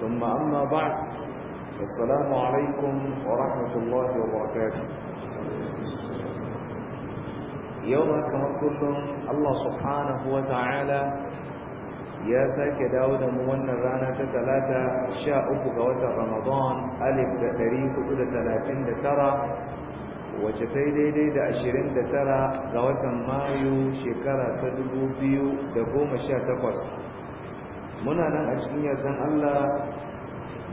ثم أما بعد السلام عليكم ورحمة الله وبركاته يوم كما قلتم الله سبحانه وتعالى يا ساك داود مونا رانا تتلاتا شاء أبوك رمضان ألف تتريك كل تلاتين ترى وجتي دي دي دا أشرين ترى مايو شكرا تدبو بيو دبو مشاء تقص muna nan a cikin yardan Allah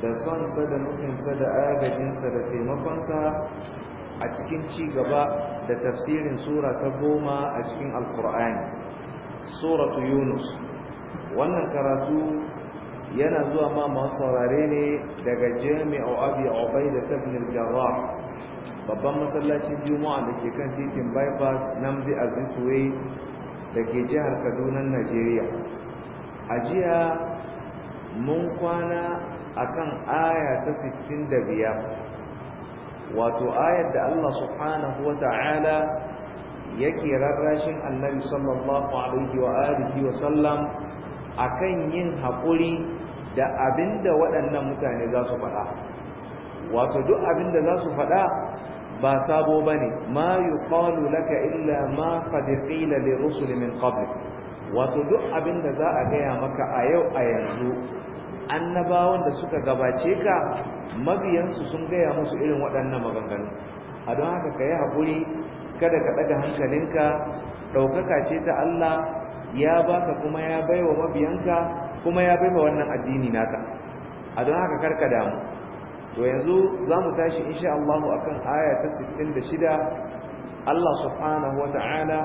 da sonsa da nufinsa da sa da taimakonsa a cikin ci gaba da tafsirin sura ta goma a cikin alkur'ani suratu yunus wannan karatu yana zuwa ma masu saurare ne daga jami'a abi obai da tabnir jarrah babban masallacin juma'a da ke kan titin bypass namdi azizuwe da ke jihar kaduna najeriya ajiya mun kwana akan aya ta 65 wato ayar da Allah subhanahu wata'ala yake rarrashin annabi sallallahu alaihi wa alihi wa sallam akan yin haƙuri da abinda waɗannan mutane za su faɗa wato duk abinda za su faɗa ba sabo bane ma yuqalu laka illa ma qad qila li min qablik wato duk abin da za a gaya maka a yau a yanzu annabawan da suka gabace ka mabiyansu sun gaya musu irin waɗannan maganganu a don haka ka yi haƙuri kada ka ɗaga hankalinka ɗaukaka ce ta Allah ya baka kuma ya baiwa mabiyanka kuma ya baiwa wannan addini naka a don haka karka damu to yanzu za mu tashi insha Allah akan aya ta 66 Allah subhanahu wa ta'ala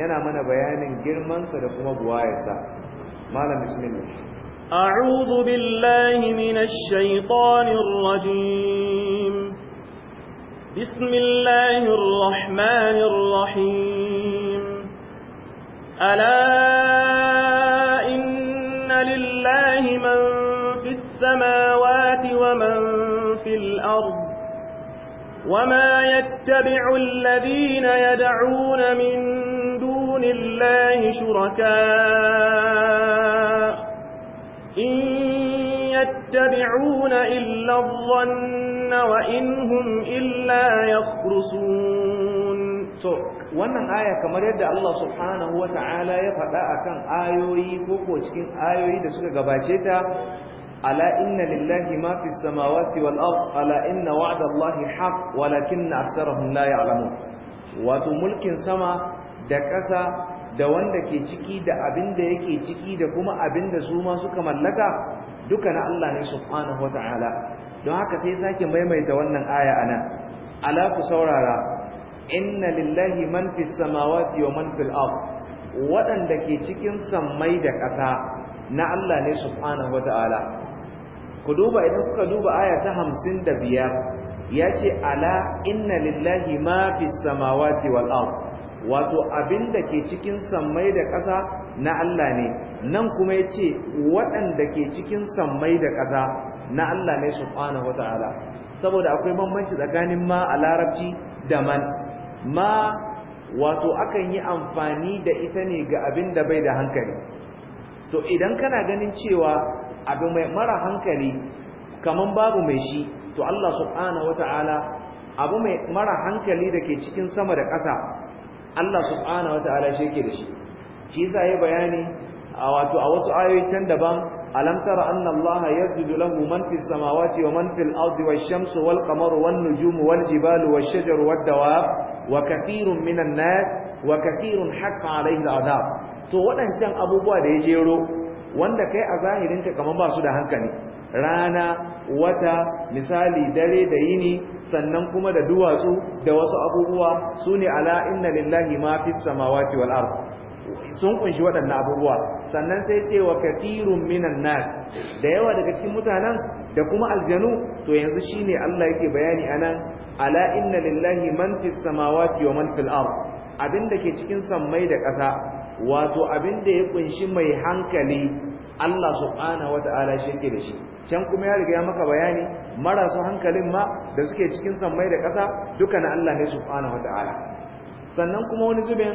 yana mana bayanin girmansa da kuma buwayarsa malam bismillah a'udhu billahi minash shaitanir rajim bismillahir rahmanir rahim ala inna lillahi man fis samawati wa man fil ardh وما يتبع الذين يدعون من دون الله شركاء إن يتبعون إلا الظن وإن إلا يخرصون wannan aya kamar yadda Allah subhanahu wa ta'ala ya faɗa akan ayoyi ko ko cikin ayoyi da suka gabace ta ala inna lillahi ma fi samawati wal ard ala inna wa'da Allahi haqq walakinna aktharuhum la ya'lamun wato mulkin sama da ƙasa da wanda ke ciki da abin da yake ciki da kuma abin da su ma suka mallaka duka na Allah ne subhanahu ta'ala. don haka sai sake maimaita wannan aya ana ala ku saurara inna lillahi man fis samawati wa man fil ard waɗanda ke cikin sammai da ƙasa na Allah ne subhanahu ta'ala. ku duba idan kuka duba aya ta 55 yace ala inna lillahi ma fis samawati wal ard wato abin da ke cikin sammai da ƙasa na Allah ne nan kuma ya ce waɗanda ke cikin sammai da ƙasa na Allah ne subhanahu wata ala saboda akwai bambanci tsakanin ma a larabci da man ma wato akan yi amfani da ita ne ga abin da bai da hankali to idan kana ganin cewa abu mai mara hankali kamar babu mai shi to Allah subhanahu wata ala abu mai mara hankali da ke cikin sama da ƙasa Allah subhanahu wataala shi yake da shi shi yasa yayi bayani a wato a wasu ayoyi can daban alam tara anna Allah yajidu lahu man fis samawati wa man fil ardi wash shamsu wal qamaru wan nujumu wal jibalu wash shajaru wad dawab wa kathirun minan nas wa kathirun haqqa alayhi al adab to wadancan abubuwa da ya jero wanda kai a zahirin ka kaman ba su da hankali rana wata misali dare da yini sannan kuma da duwatsu da wasu abubuwa sune ala inna lillahi ma fi samawati wal ard sun kunshi waɗannan abubuwa sannan sai ce wa katirun minan nas da yawa daga cikin mutanen da kuma aljanu to yanzu shine Allah yake bayani anan ala inna lillahi man fi samawati wa man fil ard abinda ke cikin sammai da ƙasa wato abinda ya kunshi mai hankali Allah subhanahu wata'ala shi yake da shi can kuma ya riga ya maka bayani marasu hankalin ma da suke cikin sammai da ƙasa duka na Allah ne subhanahu ta'ala sannan kuma wani zubin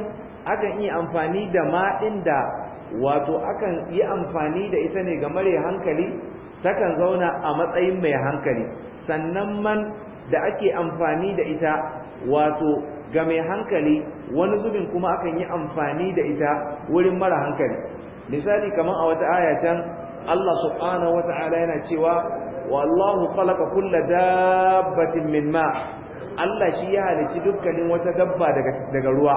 akan iya amfani da ma da wato akan yi amfani da ita ne ga mare hankali takan zauna a matsayin mai hankali sannan man da ake amfani da ita wato ga mai hankali wani zubin kuma akan yi amfani da ita wurin mara hankali misali kamar a wata aya can Allah subhanahu wata'ala yana cewa wallahu kalaka kulla dabbatin min ma Allah shi ya halici dukkanin wata dabba daga daga ruwa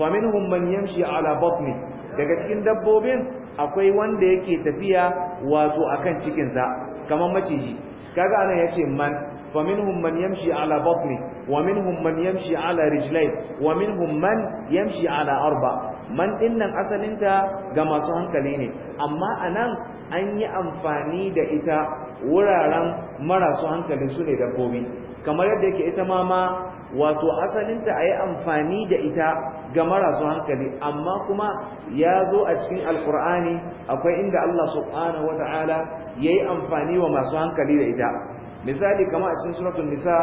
faminhum man yamshi ala batni daga cikin dabbobin akwai wanda yake tafiya wato akan kan cikinsa kamar maciji kaga anan yace man faminhum man yamshi ala batni ومنهم من يمشي على رجلين ومنهم من يمشي على أربع man din nan asalinta ga masu hankali ne amma anan an yi amfani da ita wuraren marasu hankali su ne dabbobi kamar yadda yake ita ma ma wato asalinta a yi amfani da ita ga marasu hankali amma kuma ya zo a cikin Alƙur'ani akwai inda Allah subhanahu wa ta'ala ya yi amfani wa masu hankali da ita misali kama a cikin suratun nisa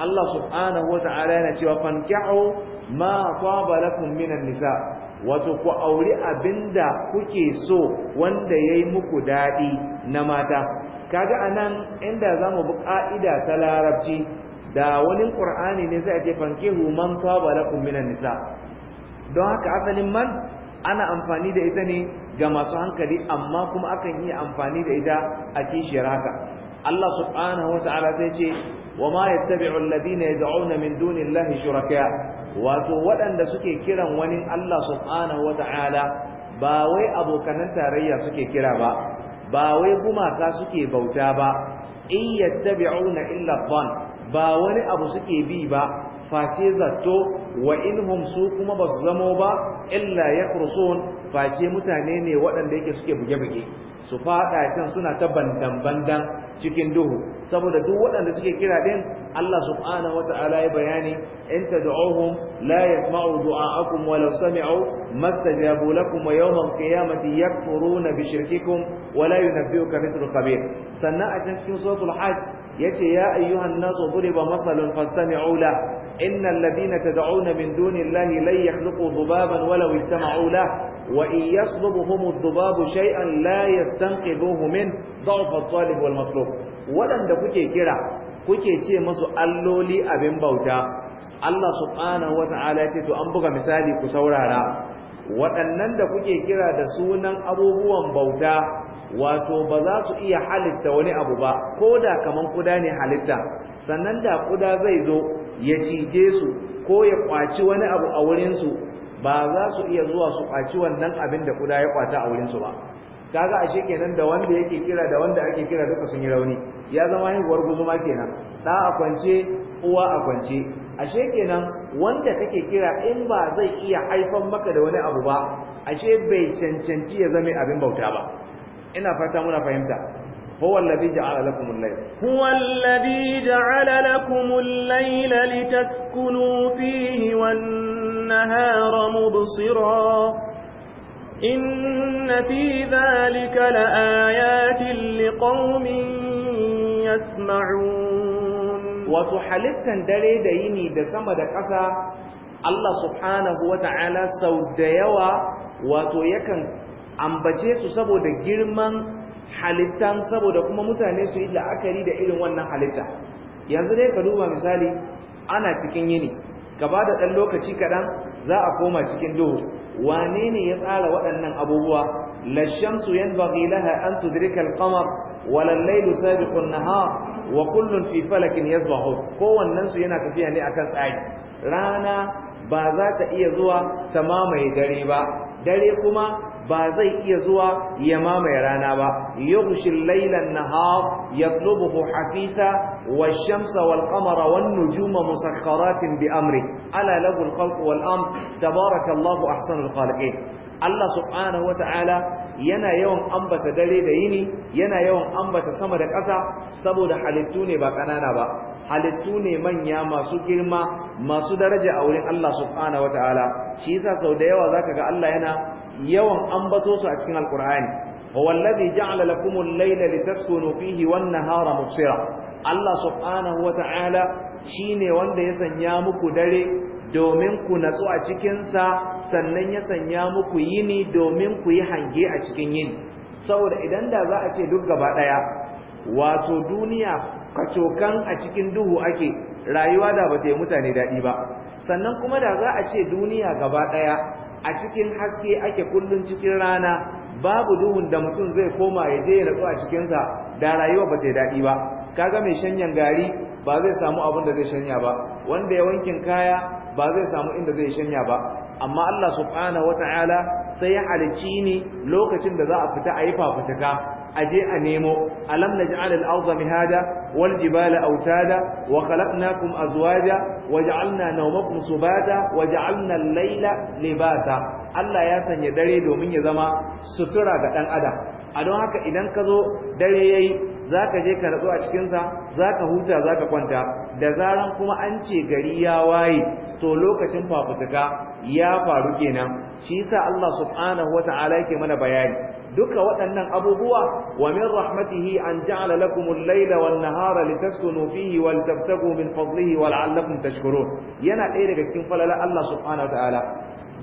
Allah subhanahu ta'ala yana cewa fankihu ma taba lakum minan nisa wato ku auri abinda kuke so wanda yayi muku dadi na mata kaga anan inda zamu bi ka'ida ta larabci da wani qur'ani ne sai a ce fankihu man taba lakum minan nisa don haka asalin man ana amfani da ita ne ga masu hankali amma kuma akan iya amfani da ita a kishiyar haka Allah subhanahu ta'ala zai ce وما يتبع الذين يدعون من دون الله شركاء wato waɗanda suke kiran wani Allah subhanahu wata'ala ba wai abokanan tarayya suke kira ba ba wai gumaka suke bauta ba in na illa ban ba wani abu suke bi ba face zato wa inhum su kuma basu zamo ba illa yakrusun face mutane ne waɗanda yake suke buge-buge su faɗa can suna ta bandan-bandan cikin duhu saboda duk waɗanda suke kira din Allah subhanahu wata'ala ya bayani in tad'uhum la yasma'u du'a'akum wa law sami'u mastajabu lakum wa yawm qiyamati yakfuruna bi shirkikum wa la yunabbi'uka mithlu khabir sannan a cikin suratul hajj yace ya ayyuhan nasu duriba masalan fastami'u la innal ladina tad'una min dunillahi lan yakhluqu dhubaban walau istama'u la wa in yaslubuhum adh-dhubabu shay'an la yastanqidhuhu min dha'f at-talib wal matlub wadanda kuke kira kuke ce musu alloli abin bauta Allah subhanahu wata'ala ce to an buga misali ku saurara waɗannan da kuke kira da sunan abubuwan bauta wato ba za su iya halitta wani abu ba ko da kaman kuda ne halitta sannan da kuda zai zo ya cije su ko ya kwaci wani abu a wurinsu ba za su iya zuwa su kwaci wannan abin da kuda ya kwata a wurinsu ba kaga shi kenan da wanda yake kira da wanda ake kira duka sun yi rauni ya zama haihuwar guzuma kenan da a kwance uwa a kwance ashe kenan wanda kake kira in ba zai iya haifan maka da wani abu ba ashe bai cancanci ya zame abin bauta ba ina fata muna fahimta هو الذي جعل لكم الليل هو الذي جعل لكم الليل لتسكنوا فيه والنهار مبصرا إن في ذلك لآيات لقوم يسمعون وتحلتا دري ديني دسما دكسا الله سبحانه وتعالى سوديوا wato yakan ambace su saboda girman halittan saboda kuma mutane su yi la'akari da irin wannan halitta yanzu dai ka duba misali ana cikin yini gaba da ɗan lokaci kaɗan za a koma cikin duhu wane ne ya tsara waɗannan abubuwa yan yanbaghi laha an tudrika al-qamar wala al-laylu sabiqu wa kullun fi falakin yasbahu kowannen su yana tafiya ne akan tsari rana ba za ta iya zuwa ta mamaye dare ba dare kuma ba zai iya zuwa ya mamaye rana ba yughshil laylan nahar yatlubuhu hafisa والشمس والقمر والنجوم مسخرات بأمره ألا له الخلق والأمر تبارك الله أحسن الخالقين Allah سبحانه وتعالى yana yawan ambata dare da yini yana yawan ambata sama da ƙasa saboda halittu ne ba ƙanana ba halittu ne manya masu girma masu daraja a wurin Allah subhanahu wataala shi yasa sau da yawa zaka ga Allah yana yawan an bato su a cikin alkur'ani huwa alladhi ja'ala lakum al-layla litaskunu fihi wan-nahara mubsira Allah subhanahu wa ta'ala shine wanda ya sanya muku dare domin ku natsu a cikin sa sannan ya sanya muku yini domin ku yi hange a cikin yini saboda idan da za a ce duk gaba daya wato duniya kacokan a cikin duhu ake rayuwa da ba ta yi mutane daɗi ba sannan kuma da za a ce duniya gaba ɗaya a cikin haske ake kullun cikin rana babu duhun da mutum zai koma ya je ya natsu a cikinsa da rayuwa ba ta daɗi ba kaga mai shanyan gari ba zai samu abin da zai shanya ba wanda ya wankin kaya ba zai samu inda zai shanya ba amma Allah subhanahu wata'ala sai ya halicci ni lokacin da za a fita a yi fafutuka aje a nemo alam naj'al al-ardha mihada wal jibala awtada wa khalaqnakum azwaja waj'alna nawmakum subata waj'alna al-layla libata Allah ya sanya dare domin ya zama sutura ga dan adam a don haka idan ka zo dare yayi zaka je ka ratsu a cikin sa zaka huta zaka kwanta da zaran kuma an ce gari ya waye to lokacin fafutuka ya faru kenan shi yasa Allah subhanahu wata'ala yake mana bayani duka waɗannan abubuwa wa min rahmatihi an ja'ala lakum al-laila wan-nahara litaskunu fihi wal tabtagu min fadlihi wa la'allakum tashkurun yana ɗaya daga cikin falalar Allah subhanahu wa ta'ala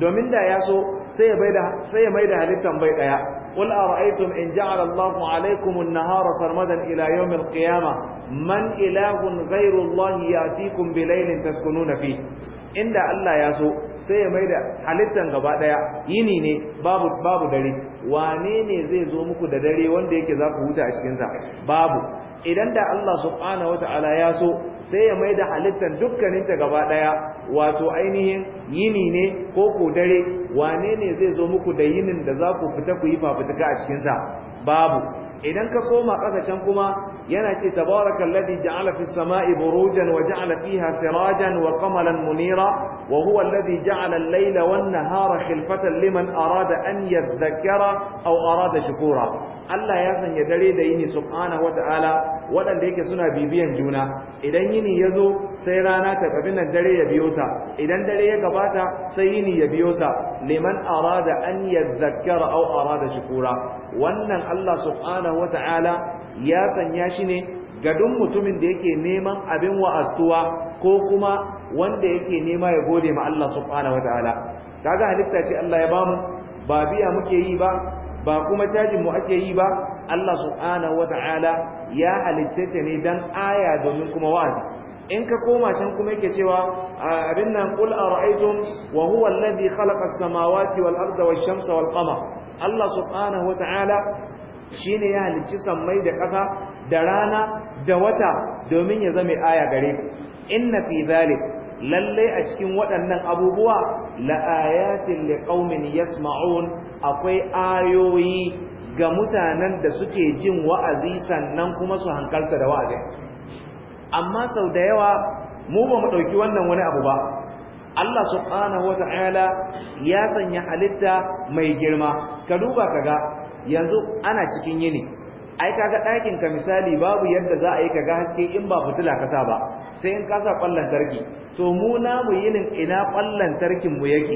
domin da ya so sai ya maida halittan bai ɗaya قل أرأيتم إن جعل الله عليكم النهار سرمدا إلى يوم القيامة من إله غير الله يأتيكم بليل تسكنون Inda Allah ya so sai ya maida halittan gaba ɗaya yini ne babu dare wane ne zai zo muku da dare wanda yake za ku huta a cikinsa babu idan da Allah subhanahu wata'ala ya so sai ya maida halittar dukkaninta gaba daya wato ainihin yini ne ko ko dare wane ne zai zo muku da yinin da za ku fita ku yi fafutuka a cikinsa babu idan ka koma ƙasa can kuma yana ce tabarakal ladhi ja'ala fis sama'i burujan wa ja'ala fiha sirajan wa qamaran munira wa huwa alladhi ja'ala al-layla wan nahara khilfatan liman arada an yadhakkara aw arada shukura Allah ya sanya dare da yini subhanahu wa ta'ala waɗanda yake suna bibiyan juna idan yini ya zo sai rana ta kafin nan dare ya biyo sa idan dare ya gabata sai yini ya biyo sa liman arada an yadhakkara aw arada shukura wannan Allah subhanahu wata'ala ya sanya shi ne ga duk mutumin da yake neman abin wa'astuwa ko kuma wanda yake nema ya gode ma Allah subhanahu wata'ala kaga halitta ce Allah ya bamu ba biya muke yi ba ba kuma cajin mu ake yi ba Allah subhanahu wata'ala ya halicce ta ne dan aya domin kuma wa'azi in ka koma can kuma yake cewa abin nan qul ara'aytum wa huwa alladhi khalaqa as-samawati wal arda wash shamsa wal qamar Allah subhanahu wata'ala shine ya halicci sammai da ƙasa da rana da wata domin ya zama aya gare ku inna fi dhalik lalle a cikin waɗannan abubuwa la ayatin liqaumin yasma'un akwai ayoyi ga mutanen da suke jin wa'azi sannan kuma su hankalta da wa'azi amma sau da yawa mu ba mu ɗauki wannan wani abu ba Allah subhanahu ta'ala ya sanya halitta mai girma ka duba ka ga. yanzu ana cikin yini ai kaga ɗakin ka misali babu yadda za a yi ka ga haske in ba fitila ka ba sai in kasa sa ƙwallon tarki to mu namu yinin ina ƙwallon mu yake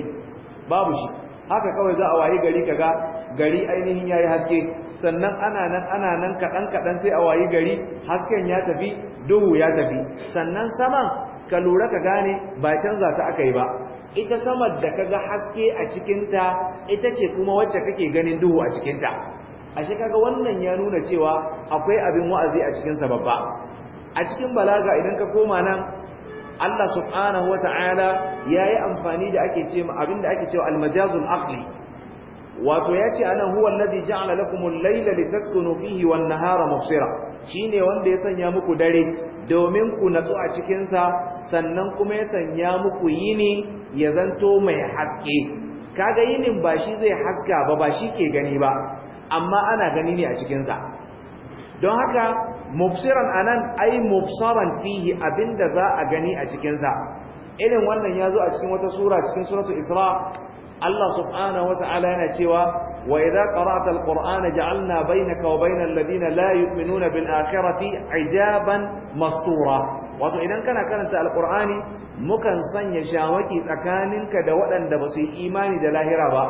babu shi haka kawai za a wayi gari ka ga. gari ainihin yi haske sannan ana nan ana nan kaɗan kaɗan sai a wayi gari hasken ya tafi duhu ya tafi sannan saman ka lura ka gane ba canza ta aka yi ba ita samar da kaga haske a cikinta ita ce kuma wacce kake ganin duhu a cikinta ashe kaga wannan ya nuna cewa akwai abin wa'azi a cikin sa babba a cikin balaga idan ka koma nan Allah subhanahu wa ta'ala ya yi amfani da ake ce da ake cewa almajazul aqli wato ya ce anan huwa alladhi ja'ala lakum al-layla litaskunu fihi wan nahara mubsira shine wanda ya sanya muku dare domin ku natsu a cikin sa sannan kuma ya sanya muku yini ya zanto mai haske kaga yinin ba shi zai haska ba ba shi ke gani ba amma ana gani ne a cikin sa don haka mubsiran anan ai mubsaran fihi abinda za a gani a cikin sa irin wannan ya zo a cikin wata sura cikin suratul isra Allah subhanahu wa ta'ala yana cewa wa idza qara'ta alqur'ana ja'alna bainaka wa bainal ladina la yu'minuna bil akhirati ijaban mastura wato idan kana karanta alqur'ani mukan sanya shamaki tsakaninka da waɗanda ba su yi imani da lahira ba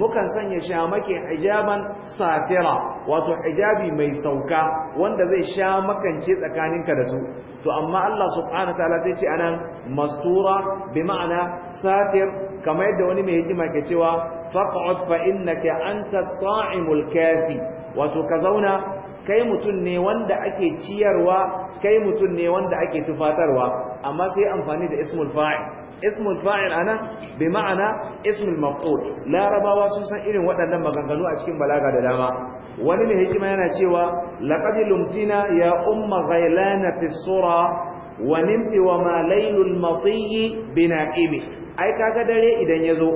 mukan sanya shamaki hijaban safira wato hijabi mai sauka wanda zai sha makance tsakaninka da su to amma Allah subhanahu wa ta'ala sai ce anan mastura bi ma'ana safir. kamar yadda wani mai hikima ke cewa faq'ud fa innaka anta at-ta'imul kafi wato ka zauna kai mutum ne wanda ake ciyarwa kai mutum ne wanda ake tufatarwa amma sai amfani da ismul fa'il ismul fa'il ana bi ma'ana ismul maf'ul larabawa sun san irin waɗannan maganganu a cikin balaga da dama wani mai hikima yana cewa laqad lumtina ya umma ghailana fi sura wa nimti wa ma laylul matiyi binaqimi ai kaga dare idan yazo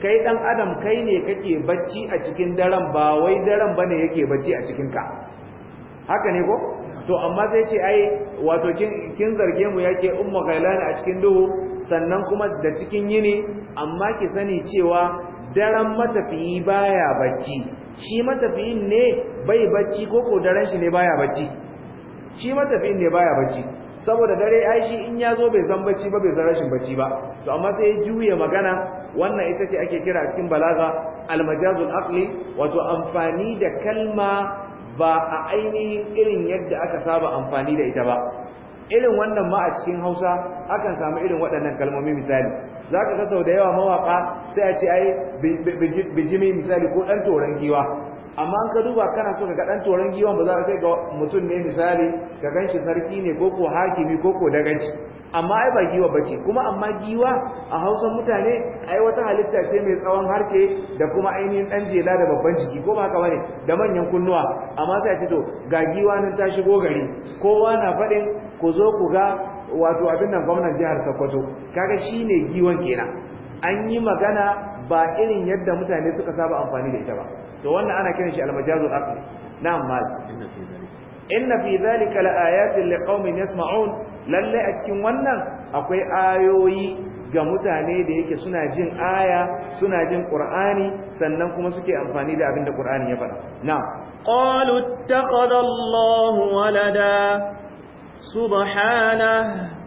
kai dan adam kai ne kake bacci a cikin daren ba wai daren bane yake bacci a cikin ka haka ne ko to amma sai ce ai wato kin zarge mu yake umma ghailana a cikin duhu sannan kuma da cikin yini amma ki sani cewa daren matafiyi baya bacci shi matafiyin ne bai bacci ko ko daren shi ne baya bacci shi matafiyin ne baya bacci saboda dare ai shi in ya zo bai san bacci ba bai san rashin bacci ba to amma sai ya juya magana wannan ita ce ake kira cikin balaga almajazul aqli wato amfani da kalma ba a ainihin irin yadda aka saba amfani da ita ba irin wannan ma a cikin Hausa akan samu irin waɗannan kalmomi misali zaka ga sau da yawa mawaƙa sai a ce ai bijimi misali ko ɗan toran giwa amma an ka duba kana so ka dan toron giwan ba za ka kai ga mutum ne misali ka ganshi sarki ne ko ko hakimi ko ko daganci amma ai ba giwa bace kuma amma giwa a Hausa mutane ai wata halitta ce mai tsawon harce da kuma ainihin dan jela da babban jiki ko ba haka bane da manyan kunnuwa amma sai a ce to ga giwa nan ta shigo gari kowa na faɗin ku zo ku ga wato abin nan gwamnan jihar Sokoto kaga shine giwan kenan an yi magana ba irin yadda mutane suka saba amfani da ita ba to wannan ana kiran shi almajazu aqli na'am mal inna fi dhalika laayatin liqaumin yasma'un lalle a cikin wannan akwai ayoyi ga mutane da yake suna jin aya suna jin qur'ani sannan kuma suke amfani da abin da qur'ani ya faɗa na'am qalu ittakhadha Allahu walada subhanahu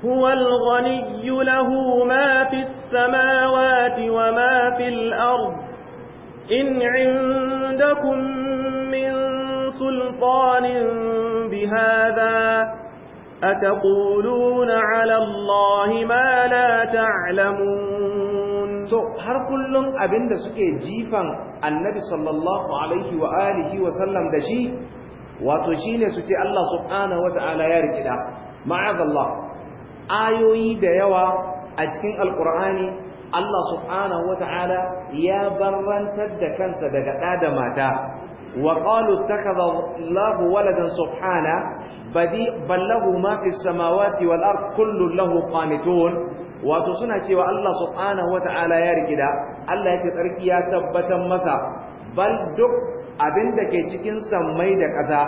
هو الغني له ما في السماوات وما في الأرض إن عندكم من سلطان بهذا أتقولون على الله ما لا تعلمون so har kullum abinda suke jifan annabi sallallahu alaihi wa wa sallam da shi wato shine su ce Allah subhanahu wataala ya rikida ma'azallah ayoyi da yawa a cikin Alƙur'ani. Allah subhanahu ta'ala ya barrantar da kansa daga ɗa da mata wa qalu takaza Allahu waladan subhana badi ballahu ma fi samawati wal ard kullu lahu qanitun wato suna cewa Allah subhanahu ala ya rikida Allah yake tsarki ya tabbatar masa bal duk abinda ke cikin sammai da ƙasa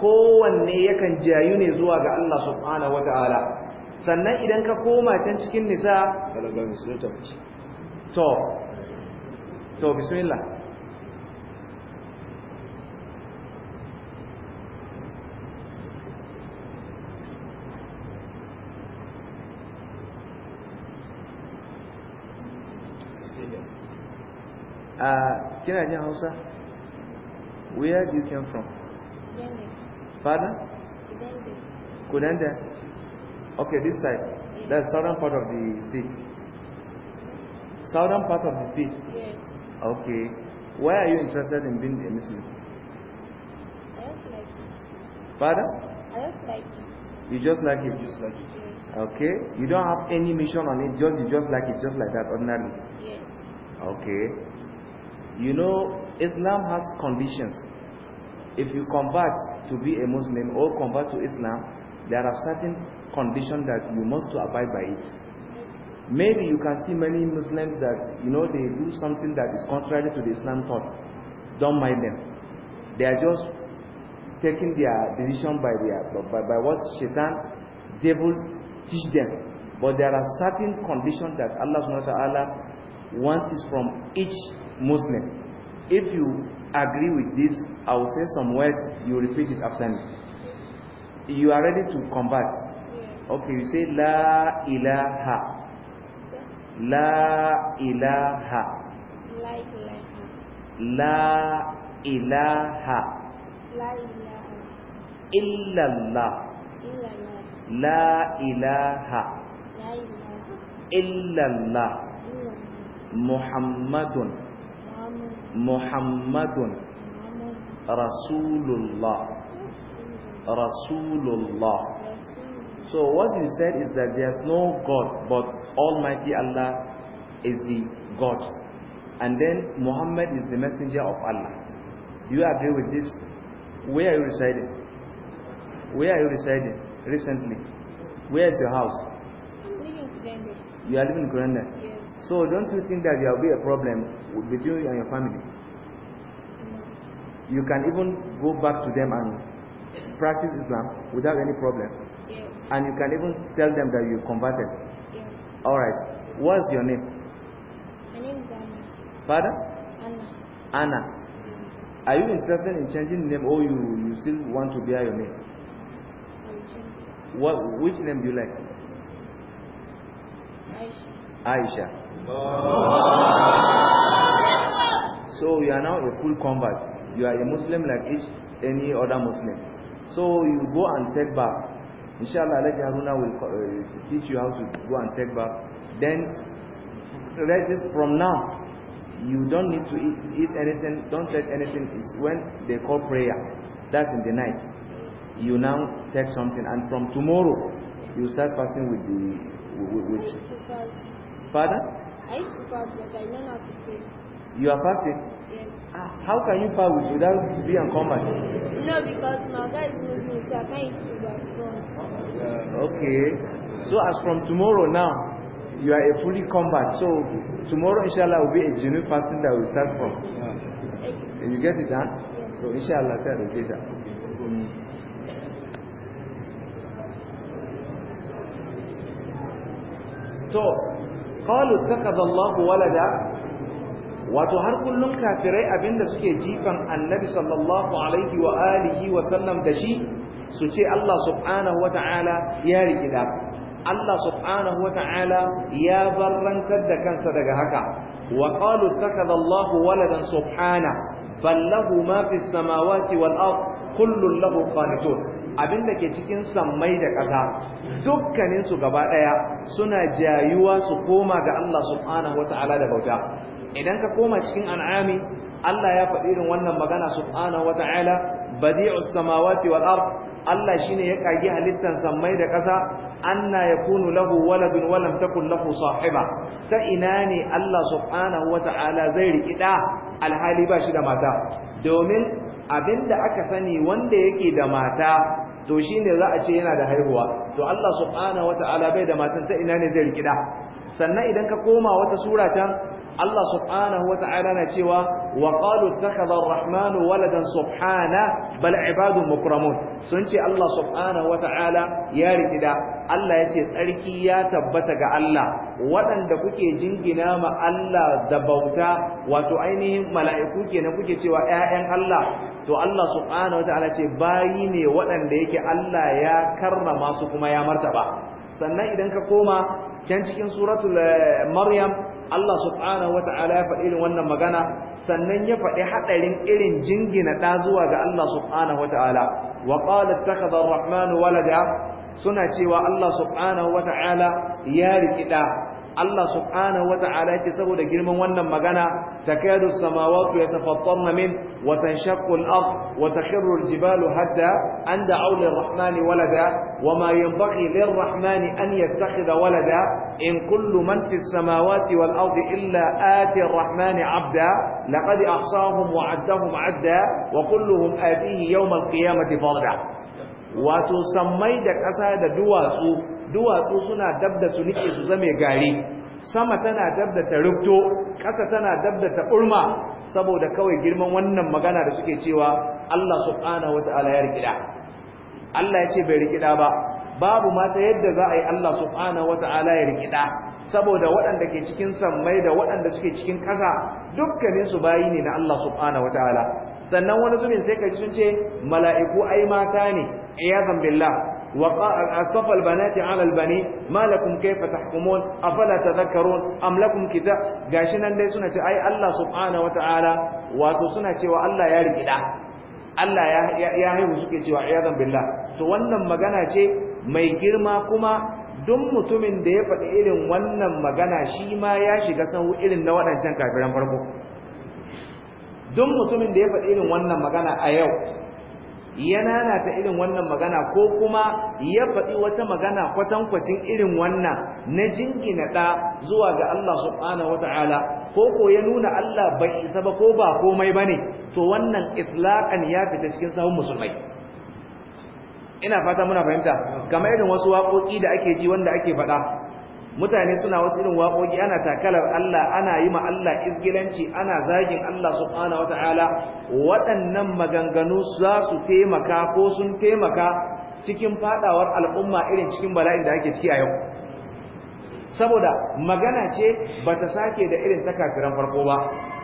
kowanne yakan jayu ne zuwa ga Allah subhanahu wata'ala sannan idan ka koma can cikin nisa So, so bismillah Uh, can I hear Hausa? Where do you come from? Kudende. Father? Kudende. Kudende? Okay, this side. Yes. That's southern part of the state. Southern part of the state? Yes. Okay. Why are you interested in being a Muslim? I just like it. Father? I just like it. You just like it? Just like it. Okay. You don't have any mission on it, just you just like it, just like that, ordinarily? Yes. Okay. You know, Islam has conditions. If you convert to be a Muslim or convert to Islam, there are certain conditions that you must to abide by it. maybe you can see many Muslims that, you know, they do something that is contrary to the Islam thought. Don't mind them. They are just taking their decision by, their, by, by what Shaitan, devil, teach them. But there are certain conditions that Allah SWT wa wants is from each Muslim. If you agree with this, I will say some words, you repeat it after me. You are ready to combat. Okay, you say La ilaha لا إله لا إله إلا الله لا إله إلا الله محمد محمد رسول الله رسول الله So what you said is that there's no God but Almighty Allah is the God. And then Muhammad is the messenger of Allah. Do You agree with this? Where are you residing? Where are you residing recently? Where is your house? I'm living in Grenada. You are living in Grenada. Yes. So don't you think that there will be a problem between you and your family? No. You can even go back to them and practice Islam without any problem. Yes. And you can even tell them that you converted. All right. What's your name? My name is Anna. Pardon? Anna. Anna. Are you interested in changing name or you, you still want to bear your name? What, which name do you like? Aisha. Aisha. So you are now a full convert. You are a Muslim like each any other Muslim. So you go and take back Inshallah, Alhaji Haruna will teach you how to go and take bath. Then, read this from now. You don't need to eat, eat anything, don't take anything. It's when they call prayer. That's in the night. You now take something, and from tomorrow, you start fasting with the. With, with. Father? I used to fast, but I know how to pray. You are fasting? How can you fight with without being uncommon? No, because my guy is Muslim, so I can't eat uh, Okay. So as from tomorrow now, you are a fully combat. So tomorrow, inshallah, will be a genuine fasting that we start from. Yeah. You get it, huh? Yeah. So inshallah, tell the data. So, قالوا اتخذ الله ولدا wato har kullum kafirai abinda suke jifan annabi sallallahu alaihi wa alihi wa sallam da shi su ce Allah subhanahu wata'ala ya rikida Allah subhanahu wata'ala ya barrantar da kansa daga haka wa qalu takada Allah waladan subhana bal lahu ma fi samawati wal ard kullun lahu qanitun abinda ke cikin sammai da ƙasa dukkanin su gaba ɗaya suna jayuwa su koma ga Allah subhanahu wata'ala da bauta idan ka koma cikin an'ami Allah ya faɗi irin wannan magana subhanahu wata'ala badi'us samawati wal ard Allah shine ya kage halittan sammai da ƙasa anna yakunu lahu waladun wa lam takul lahu sahiba ta ina ne Allah subhanahu wata'ala zai riki da alhali ba shi da mata domin abinda aka sani wanda yake da mata to shine za a ce yana da haihuwa to Allah subhanahu wata'ala bai da matan ta ina ne zai riki da sannan idan ka koma wata sura can Allah subhanahu wa ta'ala na cewa wa qalu ittakhadha ar-rahman waladan subhana bal ibadun mukramun sun ce Allah subhanahu wa ta'ala ya rikida Allah ya ce tsarki ya tabbata ga Allah waɗanda kuke jingina ma Allah da bauta wato ainihin mala'iku kenan kuke cewa ƴaƴan Allah to Allah subhanahu wa ta'ala ce bayi ne waɗanda yake Allah ya karrama su kuma ya martaba sannan idan ka koma can cikin suratul eh, maryam Allah subhanahu ya faɗi irin wannan magana sannan ya faɗi haɗarin irin jingina ɗa zuwa ga Allah subhanahu wata'ala wa qala ittakhadha rahmanu walada suna cewa Allah subhanahu ya riki ɗa Allah subhanahu wa ta'ala ce saboda girman wannan magana takadu samawati yatafattarna min wa tanshaqqu al-ard wa takhirru al-jibalu hadda an da'u lir-rahman walada wa ma yanbaghi lir-rahman an yattakhidha walada in kullu man fis samawati wal-ard illa ati ar-rahman 'abda laqad ahsahum wa 'addahum 'adda wa kulluhum atihi yawm al-qiyamati farda wato sammai da ƙasa da duwatsu duwatsu suna dabda da su nike su zame gari sama tana dab da ta ƙasa tana dab da ta saboda kawai girman wannan magana da suke cewa Allah subhanahu wata'ala ya rikida Allah ya ce bai rikida ba babu mata yadda za a yi Allah subhanahu wata'ala ya rikida saboda waɗanda ke cikin sammai da waɗanda suke cikin ƙasa dukkanin su bayi ne na Allah subhanahu wata'ala sannan wani zubin sai kaji sun ce mala'iku ai mata ne iyazan eh, billah وقال اصطفى البنات على البني ما لكم كيف تحكمون افلا تذكرون ام لكم كذا غاشن دي سنة اي الله سبحانه وتعالى واتو سنة چوا الله يا رجدا الله يا يا هي وسكي چوا عياذا بالله تو wannan magana ce mai girma kuma duk mutumin da ya faɗi irin wannan magana shi ma ya shiga san irin na waɗancan kafiran farko duk mutumin da ya faɗi irin wannan magana a yau ya ta irin wannan magana ko kuma ya faɗi wata magana kwatankwacin irin wannan na jingi na ɗa zuwa ga Allah subhanahu wata'ala ko ko ya nuna Allah bai isa ba ko ba komai bane to wannan islaƙan ya fita cikin sahun musulmai ina fata muna fahimta kamar irin wasu waƙoƙi da ake ji wanda ake faɗa mutane suna wasu irin waƙoƙi ana takalar Allah ana yi ma Allah izgilanci ana zagin Allah subhanahu wataala waɗannan maganganu za su taimaka ko sun taimaka cikin fadawar al'umma irin cikin bala'in da ake ciki a yau saboda magana ce bata sake da irin ta kafiran farko ba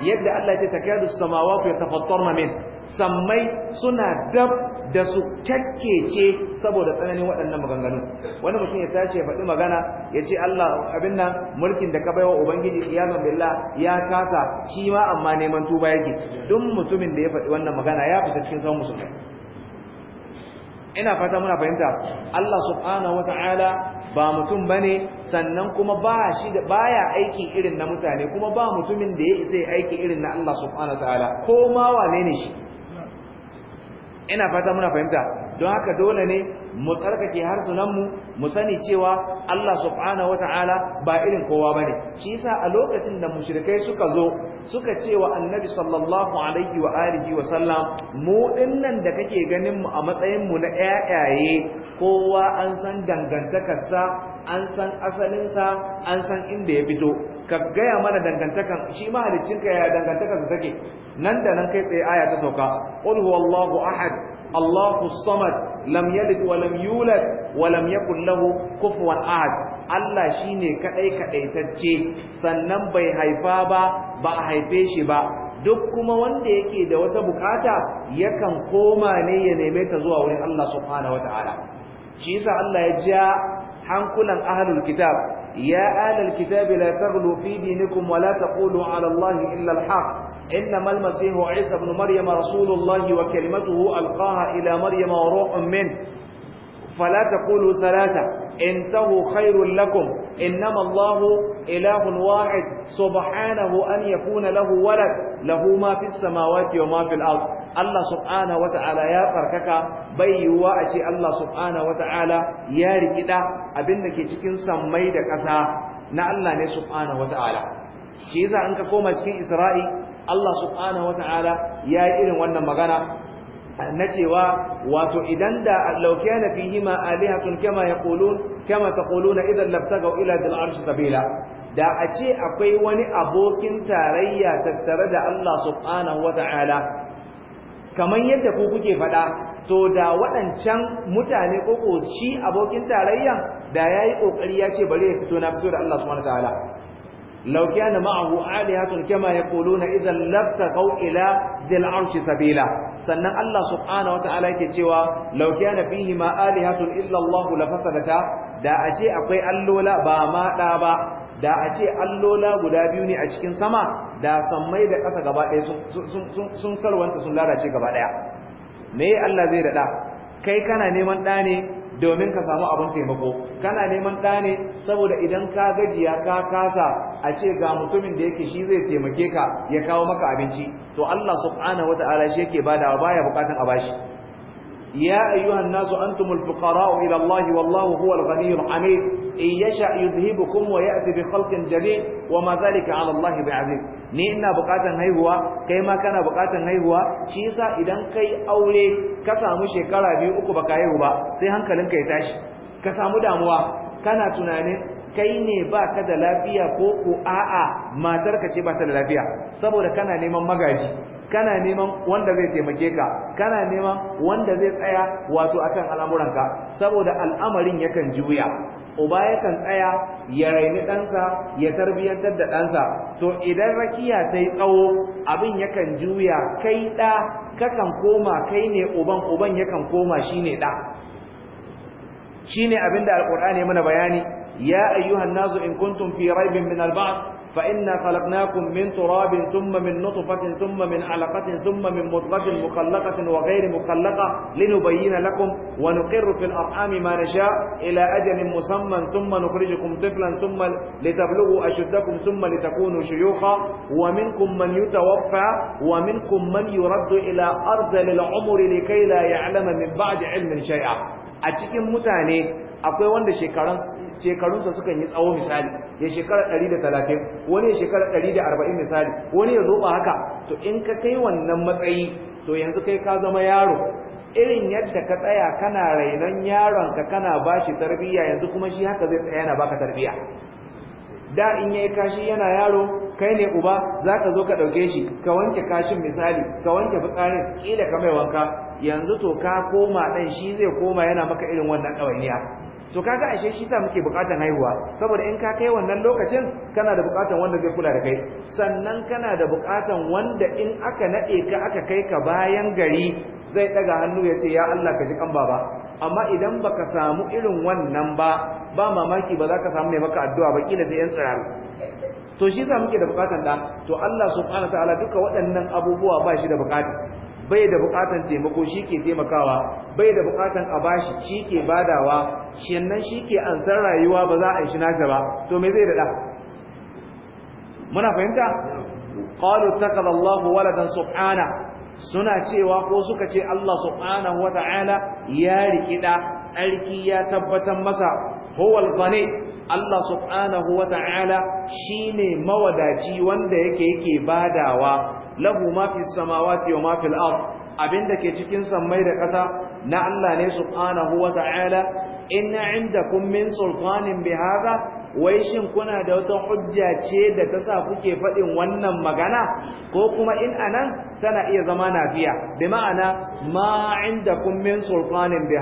yadda Allah ya ce takadu samawati yatafattarna min sammai suna dab da su kakkece saboda tsananin waɗannan maganganu wani mutum ya tashi ya faɗi magana ya ce Allah abin nan mulkin da ka baiwa ubangiji iyalan billah ya kasa shi ma amma neman tuba yake duk mutumin da ya faɗi wannan magana ya fita cikin sauran musulmai ina fata muna fahimta Allah subhanahu wataala ba mutum bane sannan kuma ba shi da baya aiki irin na mutane kuma ba mutumin da ya isa aiki irin na Allah subhanahu wataala ko ma wane ne shi ina fata muna fahimta don haka dole ne mu tsarkake harsunanmu mu sani cewa Allah subhanahu wataala ba irin kowa bane shi yasa a lokacin da mushrikai suka zo suka ce wa annabi sallallahu alaihi wa alihi wa sallam mu dinnan da kake ganin mu a matsayin mu na 'ya'yaye, kowa an san dangantakarsa an san asalinsa an san inda ya fito ka gaya mana dangantakan shi ka ya dangantakarsa take nan da nan kai tsaye aya ta sauka qul huwallahu ahad allahu samad lam yalid wa lam yulad wa lam yakul lahu kufuwan ahad Allah shine kadai kadaitacce sannan bai haifa ba ba a haife shi ba duk kuma wanda yake da wata bukata yakan koma ne ya neme ta zuwa wurin Allah subhanahu wataala shi yasa Allah ya ja hankulan ahlul kitab يا آل الكتاب لا تغلوا في دينكم ولا تقولوا على الله إلا الحق إنما المسيح عيسى بن مريم رسول الله وكلمته ألقاها إلى مريم وروح منه فلا تقولوا ثلاثة انتهوا خير لكم إنما الله إله واحد سبحانه أن يكون له ولد له ما في السماوات وما في الأرض الله سبحانه وتعالى يا فركك bai yiwuwa a ce Allah subhanahu wata'ala ya rikida abin da ke cikin sammai da ƙasa na Allah ne subhanahu wata'ala shi yasa in ka koma cikin Isra'i Allah subhanahu wata'ala ya yi irin wannan magana na cewa wato idan da lauke na fihima alihatun kama yaqulun kama taquluna idan labtagaw ila dil arsh sabila da a ce akwai wani abokin tarayya tattare da Allah subhanahu wata'ala kamar yadda ku kuke faɗa to da waɗancan mutane ko shi abokin tarayyan da ya yi ƙoƙari ya ce bari ya fito na fito da Allah subhanahu wataala law kana ma'ahu alihatun kama na idan kau ila zil arshi sabila sannan Allah subhanahu Ala yake cewa law kana fihi ma alihatun illa Allah da a ce akwai allola ba ma da ba da a ce allola guda biyu ne a cikin sama da sammai da ƙasa gaba ɗaya sun sarwanta sun lalace gaba ɗaya me Allah zai daɗa kai kana neman ɗa ne domin ka samu abin taimako kana neman ɗa ne saboda idan ka gajiya ka kasa a ce ga mutumin da yake shi zai taimake ka ya kawo maka abinci to Allah subhanahu wataala shi yake badawa baya bukatan a bashi يا أيها الناس أنتم الفقراء إلى الله والله هو الغني الحميد إن يشأ يذهبكم ويأتي بخلق جديد وما ذلك على الله بعزيز ni ina bukatan haihuwa kai ma kana bukatan haihuwa shi yasa idan kai aure ka samu shekara biyu uku baka haihu ba sai ka ya tashi ka samu damuwa kana tunanin kai ne ba ka da lafiya ko ko a'a matarka ce ba ta da lafiya saboda kana neman magaji kana neman wanda zai taimake ka kana neman wanda zai tsaya wato akan al'amuranka saboda al'amarin yakan juya uba yakan tsaya ya raini ɗansa ya tarbiyyantar da ɗansa to idan rakiya ta yi tsawo abin yakan juya kai ɗa kakan koma kai ne uban uban yakan koma shine ne ɗa shi ne abin da alƙur'ani mana bayani ya ayyuhan nazu in kuntum fi raibin min al فإنا خلقناكم من تراب ثم من نطفة ثم من علقة ثم من مضغة مخلقة وغير مخلقة لنبين لكم ونقر في الأرحام ما نشاء إلى أجل مسمى ثم نخرجكم طفلا ثم لتبلغوا أشدكم ثم لتكونوا شيوخا ومنكم من يتوفى ومنكم من يرد إلى أرض للعمر لكي لا يعلم من بعد علم شيئا أتكم متاني akwai wanda shekarunsa suka yi tsawo misali ya shekara 130 wani ya shekara 140 misali wani ya zoba haka to in ka kai wannan matsayi to yanzu kai ka zama yaro irin yadda ka tsaya kana rainon yaronka kana ba shi tarbiyya yanzu kuma shi haka zai tsaya yana ka tarbiyya da in yayi kashi yana yaro kai ne uba za ka zo ka ɗauke shi ka wanke kashin misali ka wanke fitsarin kila ka mai wanka yanzu to ka koma ɗan shi zai koma yana maka irin wannan ɗawainiya to kaga ashe shi sa muke bukatan haihuwa saboda in ka kai wannan lokacin kana da bukatan wanda zai kula da kai sannan kana da bukatan wanda in aka nade ka aka kai ka bayan gari zai daga hannu ya ce ya Allah ka ji kan baba amma idan baka samu irin wannan ba ba mamaki ba za ka samu mai maka addu'a ba kila sai yan tsirar. to shi sa muke da bukatan da to Allah subhanahu wataala duka waɗannan abubuwa ba shi da bukata bai da bukatan taimako shi ke taimakawa bai da bukatan a bashi shi ke badawa shannan shi ke ansar rayuwa ba za a yi shi ba to me zai daɗa muna fahimta qalu takala Allah waladan subhana suna cewa ko suka ce Allah subhanahu wata'ala ya rikida tsarki ya tabbatar masa huwal ghani Allah subhanahu wata'ala shine mawadaci wanda yake yake badawa lahu ma fi samawati wa ma fil ard abinda ke cikin sammai da ƙasa na Allah ne subhanahu wa ta'ala in indakum min sultanin bi wai shin kuna da wata hujja ce da ta sa kuke faɗin wannan magana ko kuma in anan tana iya zama nafiya bi ma'ana ma indakum min sultanin bi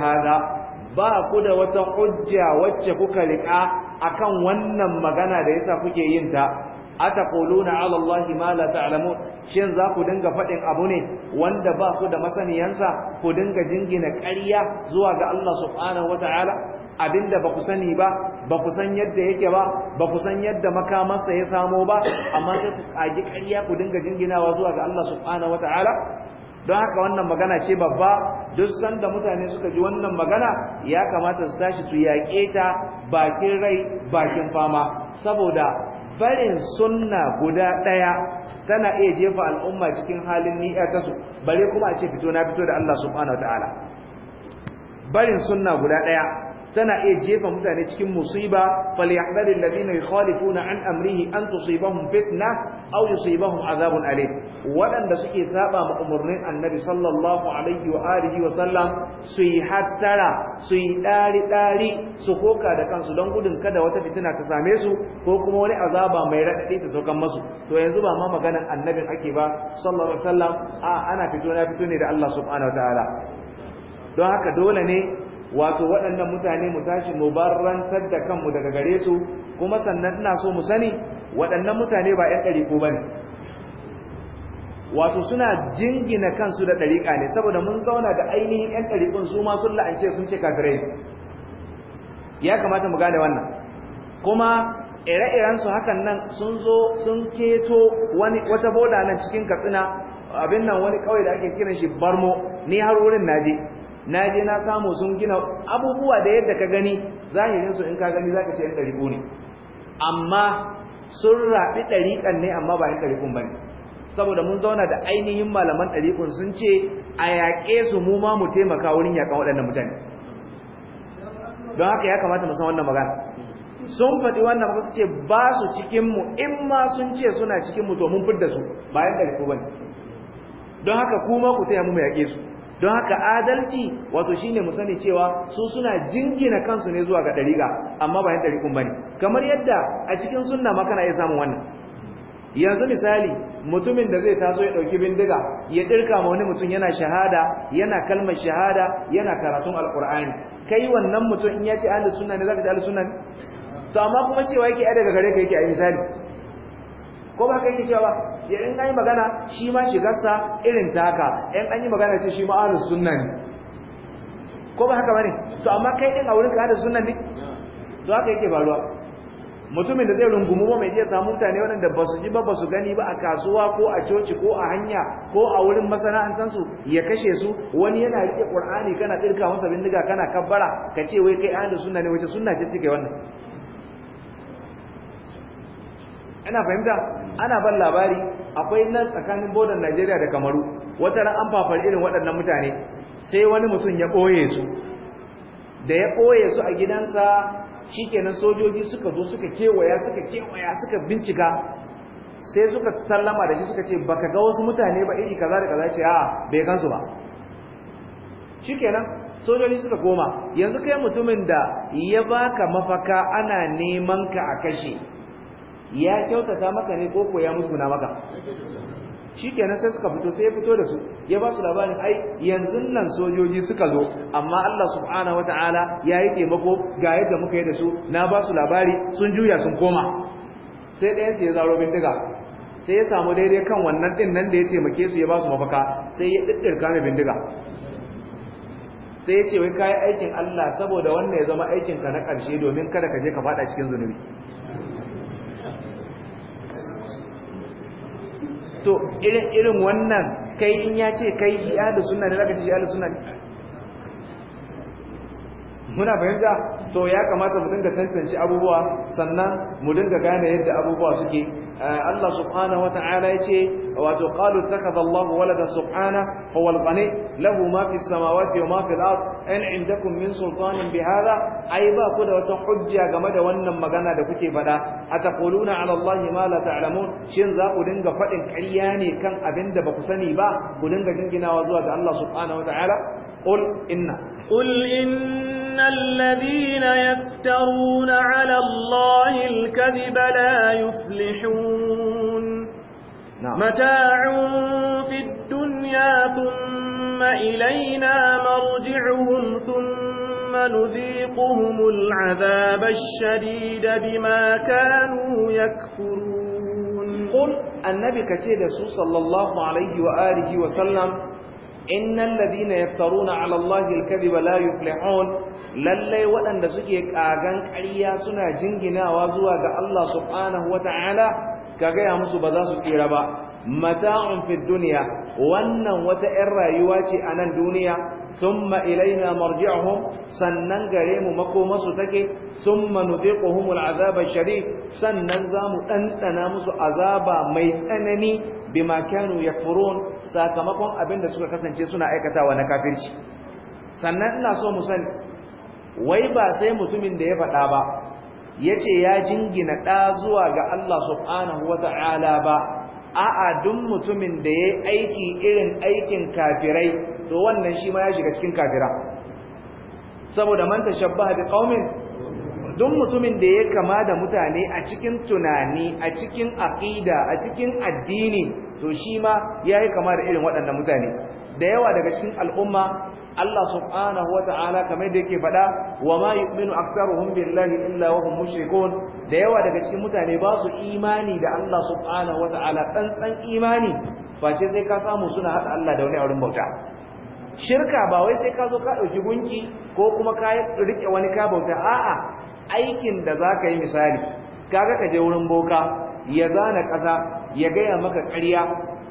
ba ku da wata hujja wacce kuka riƙa akan wannan magana da yasa kuke yin ta ataquluna ala allahi ma la ta'lamun shin za ku dinga fadin abu ne wanda ba ku da masaniyansa ku dinga jingina ƙarya zuwa ga Allah subhanahu wataala abinda ba ku sani ba ba ku san yadda yake ba ba ku san yadda makamansa ya samo ba amma sai ku kaji ƙarya ku dinga jinginawa zuwa ga Allah subhanahu wataala don haka wannan magana ce babba duk sanda mutane suka ji wannan magana ya kamata su tashi su yaƙe ta bakin rai bakin fama saboda barin sunna guda ɗaya tana iya jefa al'umma cikin halin ni'a ta su bare kuma a ce fito na fito da Allah subhanahu ta'ala barin sunna guda ɗaya tana iya jefa mutane cikin musiba falyahdharil ladina yukhalifuna an amrihi an tusibahum fitna aw yusibahum azabun alim waɗanda suke saba ma umurnin annabi sallallahu alaihi wa alihi wa sallam su yi hattara su yi dari dari su koka da kansu don gudun kada wata fitina ta same su ko kuma wani azaba mai raɗaɗi ta saukan masu to yanzu ba ma maganan annabin ake ba sallallahu alaihi wa sallam a ana fito na fito ne da Allah subhanahu wa ta'ala don haka dole ne wato waɗannan mutane mu tashi mu barrantar da kanmu daga gare su kuma sannan ina so mu sani waɗannan mutane ba yan ɗariƙo ba ne wato suna jingina kansu da ɗariƙa ne saboda mun zauna da ainihin ƴan ɗariƙon su ma la'ance sun ce kafirai ya kamata mu gane wannan kuma ire-irensu hakan nan sun zo sun keto wani wata boda nan cikin katsina abin nan wani kawai da ake kiran shi barmo ni har wurin naje na je na samu sun gina abubuwa da yadda ka gani zahirinsu in ka gani za ka ce yan ɗariƙo ne amma sun raɓi ɗariƙan ne amma ba yan ɗariƙun ba ne saboda mun zauna da ainihin malaman ɗariƙun sun ce a yaƙe su mu ma mu taimaka wurin yaƙan waɗannan mutane don haka ya kamata mu san wannan magana sun faɗi wannan ba ce ba su cikinmu in ma sun ce suna cikinmu to mun fidda su yan ɗariƙo ba ne don haka kuma ku taya mu yaƙe su don haka adalci wato shine mu sani cewa su suna jingina kansu ne zuwa ga dariga amma ba yan dariƙun bane kamar yadda a cikin sunna ma kana iya samun wannan yanzu misali mutumin da zai taso ya dauki bindiga ya dirka ma wani mutum yana shahada yana kalmar shahada yana karatun alqur'ani kai wannan mutum in ya ce ahlus sunna ne zaka ce ahlus sunna to amma kuma cewa yake ai daga gare ka yake ai misali ko ba kai cewa ya in an magana shi ma shigar sa irin taka in an yi magana ce shi ma ahlus sunna ne ko ba haka bane to amma kai din a wurin ka da sunna ne to haka yake faruwa mutumin da zai rungumu ba mai iya samu mutane waɗanda ba su ji ba ba su gani ba a kasuwa ko a coci ko a hanya ko a wurin masana'antansu ya kashe su wani yana riƙe ƙur'ani kana tsirka masa bindiga kana kabbara ka ce wai kai ahlus sunna ne wace sunna ce cike wannan ina fahimta ana ban labari akwai nan tsakanin bodan Najeriya da Kamaru wata ran an fafar irin waɗannan mutane sai wani mutum ya ɓoye su da ya ɓoye su a gidansa shikenan sojoji suka zo suka kewaya suka kewaya suka bincika sai suka sallama da shi suka ce baka ga wasu mutane ba iri kaza da kaza ce a bai gansu ba shikenan sojoji suka koma yanzu kai mutumin da ya baka mafaka ana neman ka a kashe ya kyautata maka ne ko ko ya na maka shikenan sai suka fito sai ya fito da su ya ba su labarin ai yanzu nan sojoji suka zo amma Allah subhanahu wataala ya yi taimako ga yadda muka yi da su na ba su labari sun juya sun koma sai ɗaya su ya zaro bindiga sai ya samu daidai kan wannan ɗin nan da ya taimake su ya ba su mafaka sai ya diddirka mai bindiga sai ya ce wai kayi aikin Allah saboda wannan ya zama aikin ka na ƙarshe domin kada ka je ka faɗa cikin zunubi to irin irin wannan kai in ya ce kai ahlu suna da zaka ce ahlu da. ne muna fahimta to ya kamata mu dinga tantance abubuwa sannan mu dinga gane yadda abubuwa suke Allah subhanahu wa ta'ala yace wato qalu takadha Allah walada subhana huwa al-ghani lahu ma fi samawati wa ma fi al-ard in indakum min sultanin bi hadha ai ba ku da wata hujja game da wannan magana da kuke faɗa ataquluna ala Allah ma la ta'lamun shin za ku dinga faɗin ƙarya ne kan abinda ba ku sani ba ku dinga jinginawa zuwa ga Allah subhanahu wa ta'ala qul inna qul inna إن الذين يفترون على الله الكذب لا يفلحون نعم. متاع في الدنيا ثم إلينا مرجعهم ثم نذيقهم العذاب الشديد بما كانوا يكفرون قل النبي كتير صلى الله عليه وآله وسلم إن الذين يفترون على الله الكذب لا يفلحون lallai waɗanda suke ƙagan ƙarya suna jinginawa zuwa ga Allah subhanahu wata'ala ka gaya musu ba za su tsira ba mata'un fi duniya wannan wata 'yan rayuwa ce a nan duniya sun thumma na marji'uhum sannan gare mu makomasu take sun nudhiquhum ƙuhumul azabar shadid sannan zamu ɗanɗana musu azaba mai tsanani bima ya furon, sakamakon abin da suka kasance suna aikatawa na kafirci sannan ina so mu sani wai ba sai mutumin da ya faɗa ba ya ce ya jingina ɗa zuwa ga Allah subhanahu ta'ala ba a'a duk mutumin da ya aiki irin aikin kafirai to wannan shi ma ya shiga cikin kafira saboda man tashabbaha bi qaumin duk mutumin da ya kama da mutane a cikin tunani a cikin aqida a cikin addini to shi ma yayi kama da irin waɗannan mutane da yawa daga cikin al'umma Allah subhanahu wa ta'ala kamar da yake faɗa wa ma yu'minu aktharuhum billahi illa wa hum mushrikun da yawa daga cikin mutane ba su imani da Allah subhanahu wa ta'ala tsantsan imani ce sai ka samu suna hada Allah da wani aurin bauta shirka ba wai sai ka zo ka dauki gunki ko kuma ka rike wani ka bauta a'a aikin da zaka yi misali kaga ka je wurin boka ya zana kaza ya gaya maka ƙarya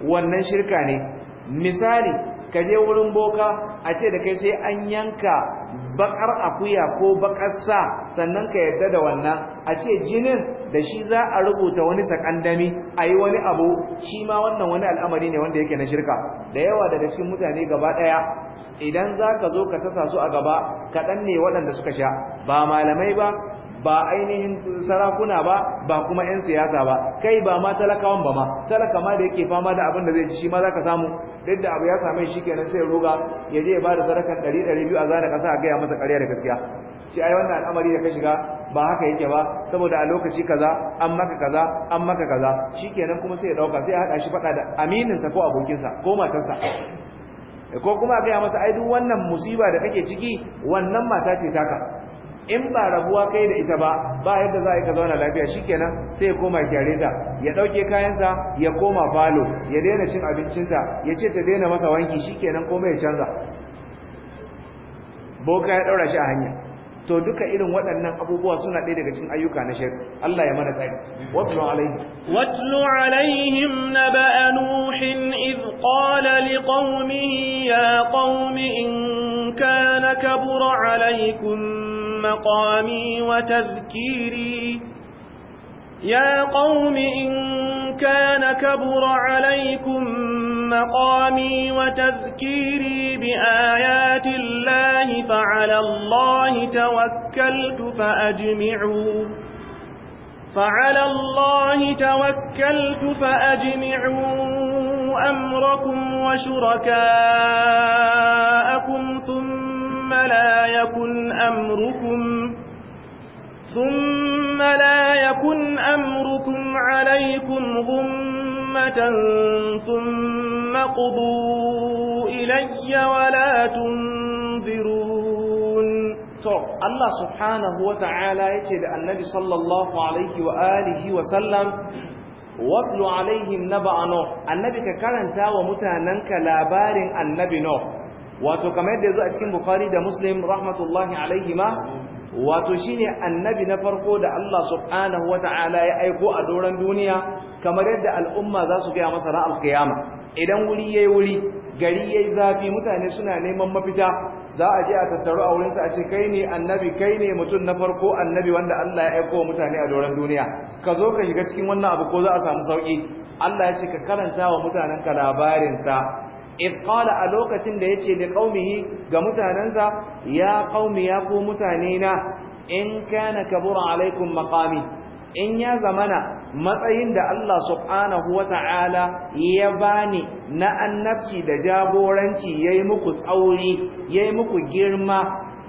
wannan shirka ne misali ka je wurin boka a ce da kai sai an yanka bakar akuya ko bakar sa sannan ka yadda da wannan a ce jinin da shi za a rubuta wani sakandami a yi wani abu shi ma wannan wani al'amari ne wanda yake na shirka da yawa da cikin mutane gaba ɗaya idan za ka zo ka tasa su a gaba kaɗan ne waɗanda suka sha ba malamai ba ba ainihin sarakuna ba ba kuma 'yan siyasa ba kai ba ma talakawan ba ma talaka ma da yake fama da abin da zai ci shi ma za ka samu duk da abu ya same shi kenan sai roga ya je ya ba da sarakan ɗari ɗari biyu a zana kasa a gaya masa ƙarya da gaskiya shi ai wannan al'amari da ka shiga ba haka yake ba saboda a lokaci kaza an maka kaza an maka kaza shikenan kuma sai ya dauka sai ya hada shi faɗa da aminin sa ko abokinsa ko matarsa ko kuma gaya masa ai duk wannan musiba da kake ciki wannan mata ce taka in ba rabuwa kai da ita ba ba yadda za a yi ka zauna lafiya shikenan sai ya koma gyare ta ya dauke kayansa ya koma falo ya daina cin abincinta ya ce ta daina masa wanki shikenan komai ya canza boka ya daura shi a hanya to duka irin waɗannan abubuwa suna ɗaya daga cikin ayyuka na shirk Allah ya mana tsari watlu alaihim watlu alaihim naba'a nuhin id qala liqaumihi ya qaumi in kana kabura alaikum مقامي وتذكيري يا قوم إن كان كبر عليكم مقامي وتذكيري بآيات الله فعلى الله توكلت فأجمعوا فعلى الله توكلت فأجمعوا أمركم وشركاءكم ثم ثم لا يكن أمركم ثم عليكم غمة ثم قضوا إلي ولا تنذرون to Allah subhanahu wa ta'ala ya ce da annabi sallallahu alaihi wa alihi wa sallam watlu alaihim naba annabi ka karanta wa mutanenka labarin annabi no wato kamar yadda zo a cikin bukhari da muslim rahmatullahi alaihima wato shine annabi na farko da Allah subhanahu ta'ala ya aiko a doron duniya kamar yadda al'umma za su gaya masa ra'al qiyama idan wuri yayi wuri gari yayi zafi mutane suna neman mafita za a je a tattaru a wurinsa a ce kai ne annabi kai ne mutum na farko annabi wanda Allah ya aiko wa mutane a doron duniya ka zo ka shiga cikin wannan abu ko za a samu sauki Allah ya ce ka karanta wa mutanenka labarinsa إذ قال ألوكة ديتي لقومه قمتاننسا يا قوم يا قوم متانينا إن كان كبر عليكم مقامي إن يا زمنا matsayin da Allah subhanahu wa ta'ala ya bani na annabci da jagoranci ya yi muku tsauri ya yi muku girma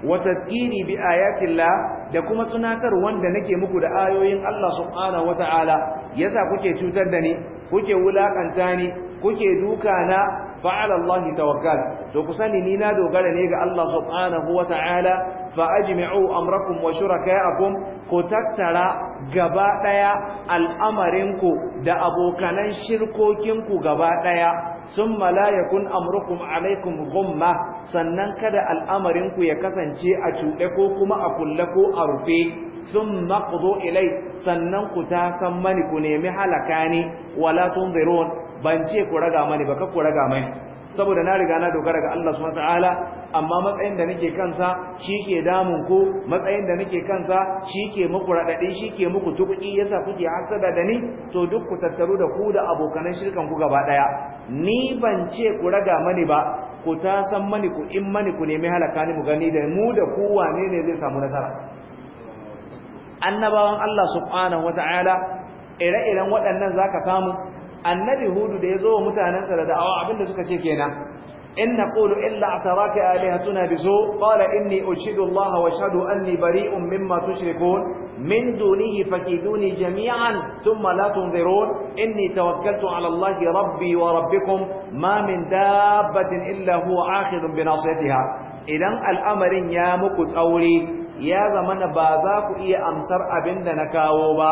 wa taskiri bi ayatillah da kuma tunatar wanda nake muku da ayoyin Allah subhanahu wa ta'ala yasa kuke cutar da ni kuke wulakanta ni kuke duka na fa ala Allah tawakkal to ni na dogara ne ga Allah subhanahu wa ta'ala fa ajmi'u amrakum wa shurakaakum ku tattara gaba daya al'amarinku da abokanan shirkokinku gaba daya summa la yakun amrukum alaikum ghumma sannan kada al'amarinku ya kasance a cuɗe ko kuma a kulle ko a rufe Sun qudu ilai sannan ku ta san mani ku nemi halaka ne wala tunzirun ban ce ku raga mani ba ka ku raga mani saboda na riga na dogara ga Allah subhanahu wataala amma matsayin da nake kansa shike damun ku matsayin da nake kansa shike muku radadi shike muku tukuki yasa kuke hasada da ni to duk ku tattaru da ku da abokanan shirkan ku gaba daya ni ban ce ku raga mani ba ku ta san mani ku in mani ku nemi halaka ni mu gani da mu da ku wane ne zai samu nasara annabawan Allah subhanahu wataala ire-iren waɗannan zaka samu annabi hudu da ya zo wa mutanensa da da'awa abinda suka ce kenan in ƙulu illa ataraka alihatuna bisu qala inni ushidu Allah wa ashhadu anni bari'un mimma tushrikun min dunihi fakiduni jami'an thumma la in inni tawakkaltu ala Allah rabbi wa rabbikum ma min dabbatin illa huwa akhidun bi nasiyatiha idan al'amarin ya muku tsauri ya zamana ba za ku iya amsar abin da na kawo ba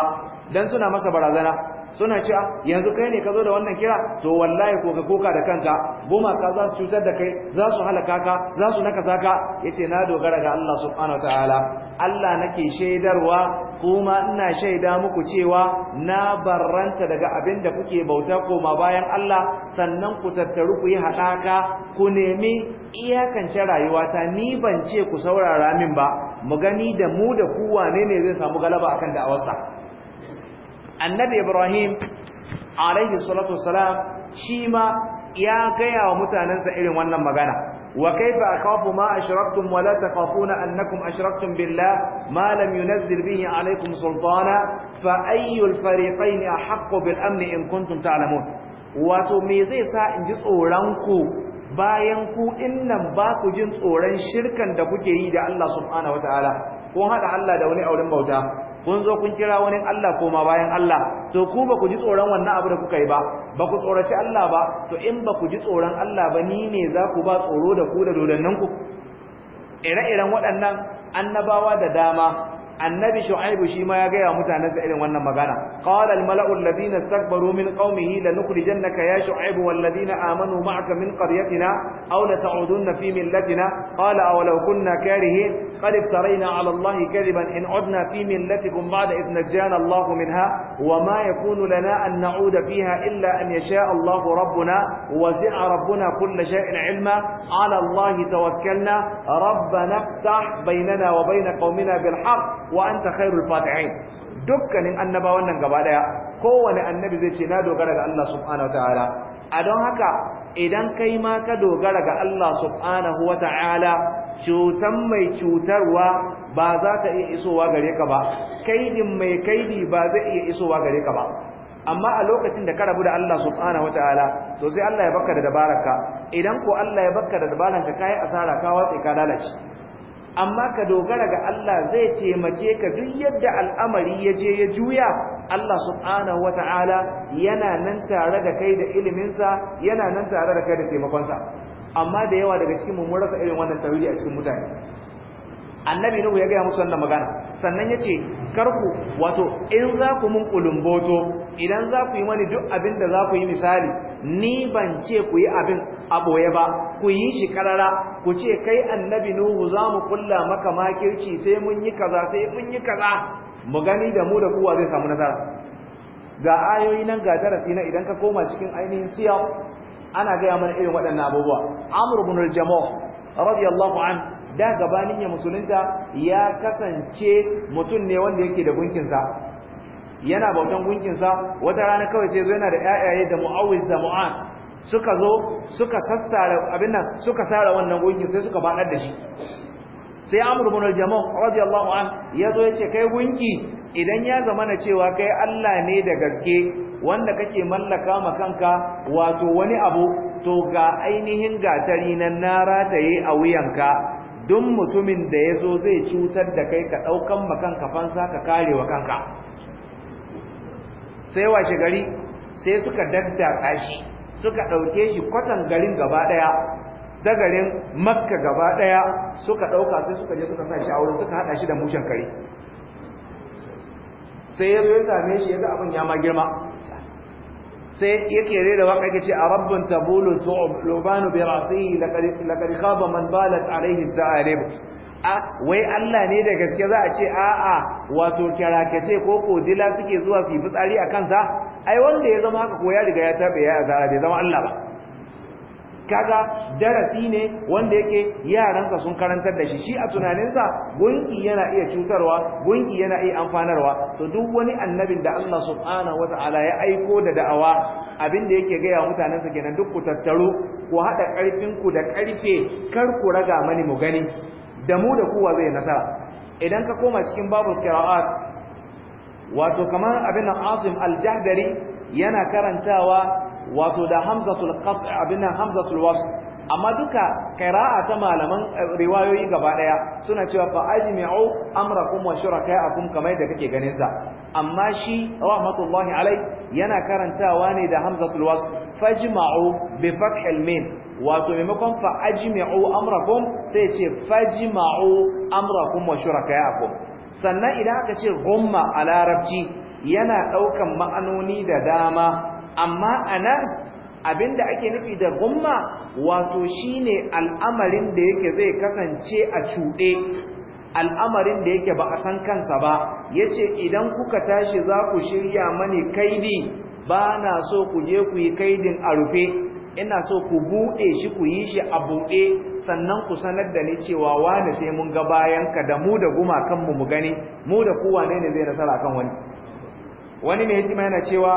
dan suna masa barazana suna cewa yanzu kai ne ka zo da wannan kira to wallahi ko ka koka da kanka gumaka za su cutar da kai za su halaka ka za su nakasa ka ce na dogara ga Allah subhanahu wataala Allah nake shaidarwa kuma ina shaida muku cewa na barranta daga abin da kuke bauta koma bayan Allah sannan ku tattaru ku yi haɗaka ku nemi iyakance rayuwata ni ban ce ku saurara min ba mu gani da mu da ku wane ne zai samu galaba akan da'awarsa annabi ibrahim alayhi salatu wassalam shi ma ya gaya wa mutanensa irin wannan magana wa kaifa akhafu ma ashraktum wa la takhafuna annakum ashraktum billah ma lam yunzil bihi alaikum sultana fa ayyul fariqayn ahqqu bil amn in kuntum ta'lamun wato me zai sa in ji tsoron ku bayan ku dinnan ba ku jin tsoron shirkan da kuke yi da Allah subhanahu wataala kun hada Allah da wani auren bauta kun zo kun kira wani Allah ko ma bayan Allah to ku ba ku ji tsoron wannan abu da kuka yi ba ba ku tsoraci Allah ba to in ba ku ji tsoron Allah ba ni ne za ku ba tsoro da ku da dodannanku ire-iren waɗannan annabawa da dama annabi shu'aibu shi ma ya gaya mutanen sa irin wannan magana qala al mala'u alladhina istakbaru min qaumihi lanukhrijannaka ya shu'aibu wal ladina amanu ma'aka min qaryatina aw la ta'udunna fi millatina qala aw law kunna karihin qad iftarayna 'ala allahi kadiban in udna fi millatikum ba'da idh najjana allah minha wa ma yakunu lana an na'uda fiha illa an yasha allah rabbuna wasi'a rabbuna kull shay'in 'ilma 'ala allahi tawakkalna rabbana افتح بيننا وبين قومنا بالحق wa anta khairul fatihin dukkanin annaba wannan gaba daya kowane annabi zai ce na dogara ga Allah subhanahu wataala a don haka idan kai ma ka dogara ga Allah subhanahu wataala cutan mai cutarwa ba za ka iya isowa gare ka ba kaidin mai kaidi ba zai iya isowa gare ka ba amma a lokacin da ka rabu da Allah subhanahu wataala to sai Allah ya baka da dabararka idan ko Allah ya baka da ka kai asara ka watsi ka lalace amma ka dogara ga Allah zai taimake ka duk yadda al'amari ya je ya juya Allah subhanahu wata'ala yana nan tare da kai da iliminsa yana nan tare da kai da taimakonsa amma da yawa daga cikin mu mun rasa irin wannan tawili a cikin mutane annabi nuhu ya gaya musu wannan magana sannan ya ce karku wato in za ku mun kulumboto idan za ku yi mani duk abin da za ku yi misali ni ban ce ku yi abin a ɓoye ba ku yi shi karara ku ce kai annabi nuhu za mu kulla maka makirci sai mun yi kaza sai mun yi kaza mu gani da mu da kowa zai samu nasara ga ayoyi nan ga darasi na idan ka koma cikin ainihin siyar ana gaya mana irin waɗannan abubuwa Amur ibn Jamo, radiyallahu an da gabanin ya musulunta ya kasance mutum ne wanda yake da gunkinsa yana bautan gunkinsa wata rana kawai sai zo yana da 'ya'yaye da mu'awiz da mu'an suka zo suka sassara abin nan suka sara wannan gunkin sai suka fadar da shi sai Amr ibn al-Jamal radiyallahu an ya zo yace kai gunki idan ya zama na cewa kai Allah ne da gaske wanda kake mallaka ma kanka wato wani abu to ga ainihin gatari nan na rataye a wuyanka duk mutumin da ya zo zai cutar da kai ka ɗaukan ma kanka fansa ka kare wa kanka sai washe gari sai suka daddaka shi suka ɗauke shi kwatan garin gaba ɗaya da garin makka gaba ɗaya suka ɗauka sai suka je suka sa shi a wurin suka haɗa shi da mushen kare sai ya zo ya same shi ya ga abin ya ma girma sai kere da waka kace ce a rabbin tabulu lubanu bi rasihi laqad khaba man balat alaihi za'alib a wai Allah ne da gaske za a ce a'a wato kace ko kodila suke zuwa su yi fitsari a sa ai wanda ya zama haka ko ya riga ya tabe ya azara bai zama Allah ba kaga darasi ne wanda yake yaransa sun karantar da shi shi a tunaninsa gunki yana iya cutarwa gunki yana iya amfanarwa to duk wani annabin da Allah subhanahu wata'ala ya aiko da da'awa abin da yake gaya mutanensa kenan duk ku tattaro ku haɗa ƙarfinku da ƙarfe kar ku raga mani mu gani da mu da kowa zai nasara idan ka koma cikin babul qira'at wato kamar abin nan asim al-jahdari yana karantawa wato da hamzatul qat' abin nan hamzatul wasl amma duka qira'a ta malaman eh, riwayoyi gaba daya suna cewa fa ajmi'u amrakum wa shuraka'akum kamar da kake ganin sa amma shi rahmatullahi alai yana karantawa ne da hamzatul wasl fajma'u bi fathil mim wato maimakon fa ajmi'u amrakum sai ce fajma'u amrakum wa shuraka'akum sannan idan aka ce humma a larabci yana ɗaukan ma'anoni da dama amma a nan abinda ake nufi da humma wato shine al'amarin da yake zai kasance a cuɗe al'amarin da yake ba a san kansa ba Ya ce idan kuka tashi za ku shirya mani kaidi ba na so ku je ku yi kaidin a rufe ina so ku buɗe shi ku yi shi a buɗe sannan ku sanar da ni cewa wani sai mun ga bayan ka da mu da kan mu gani mu da kowa ne ne zai nasara kan wani wani mai hikima yana cewa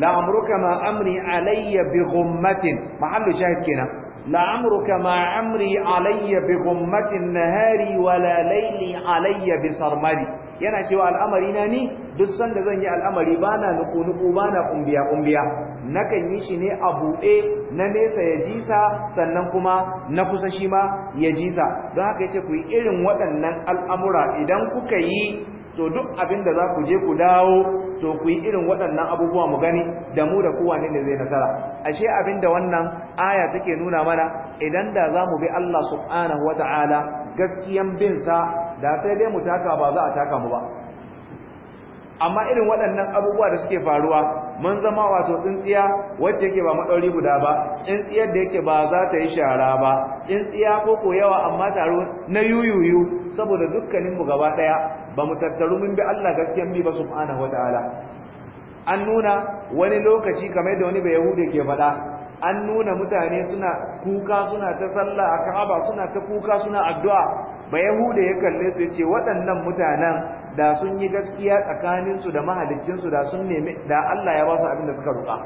la'amruka ma amri alayya bi ghummatin mahallu shahid kenan la'amruka ma amri alayya bi ghummatin nahari wala layli alayya bi sarmadi yana cewa al'amari na ni duk sanda zan yi al'amari bana nuku nuku bana kumbiya kumbiya nakan yi shi ne a buɗe na nesa ya jisa sannan kuma na kusa shi ma ya jisa don haka yace ku yi irin waɗannan al'amura idan kuka yi to duk abin da za ku je ku dawo to ku yi irin waɗannan abubuwa mu gani da mu da kowa ne zai nasara ashe abin da wannan aya take nuna mana idan da za mu bi Allah subhanahu wata'ala gaskiyan bin sa da sai dai mu taka ba za a taka mu ba amma irin waɗannan abubuwa da suke faruwa mun zama wato tsintsiya wacce yake ba maɗauri guda ba tsintsiyar da yake ba za ta yi shara ba tsintsiya ko yawa, amma taro na yuyuyu saboda dukkanin mu gaba ɗaya, ba mu tattaru mun bi Allah gaskiyan bi ba subhanahu wataala an nuna wani lokaci kamar da wani bai yahudi ke faɗa an nuna mutane suna kuka suna ta sallah a Ka'aba suna ta kuka suna addu'a ba yahuda ya kalle su ya ce waɗannan mutanen da sun yi gaskiya tsakaninsu da mahaliccinsu da sun nemi da Allah ya ba su abin da suka roƙa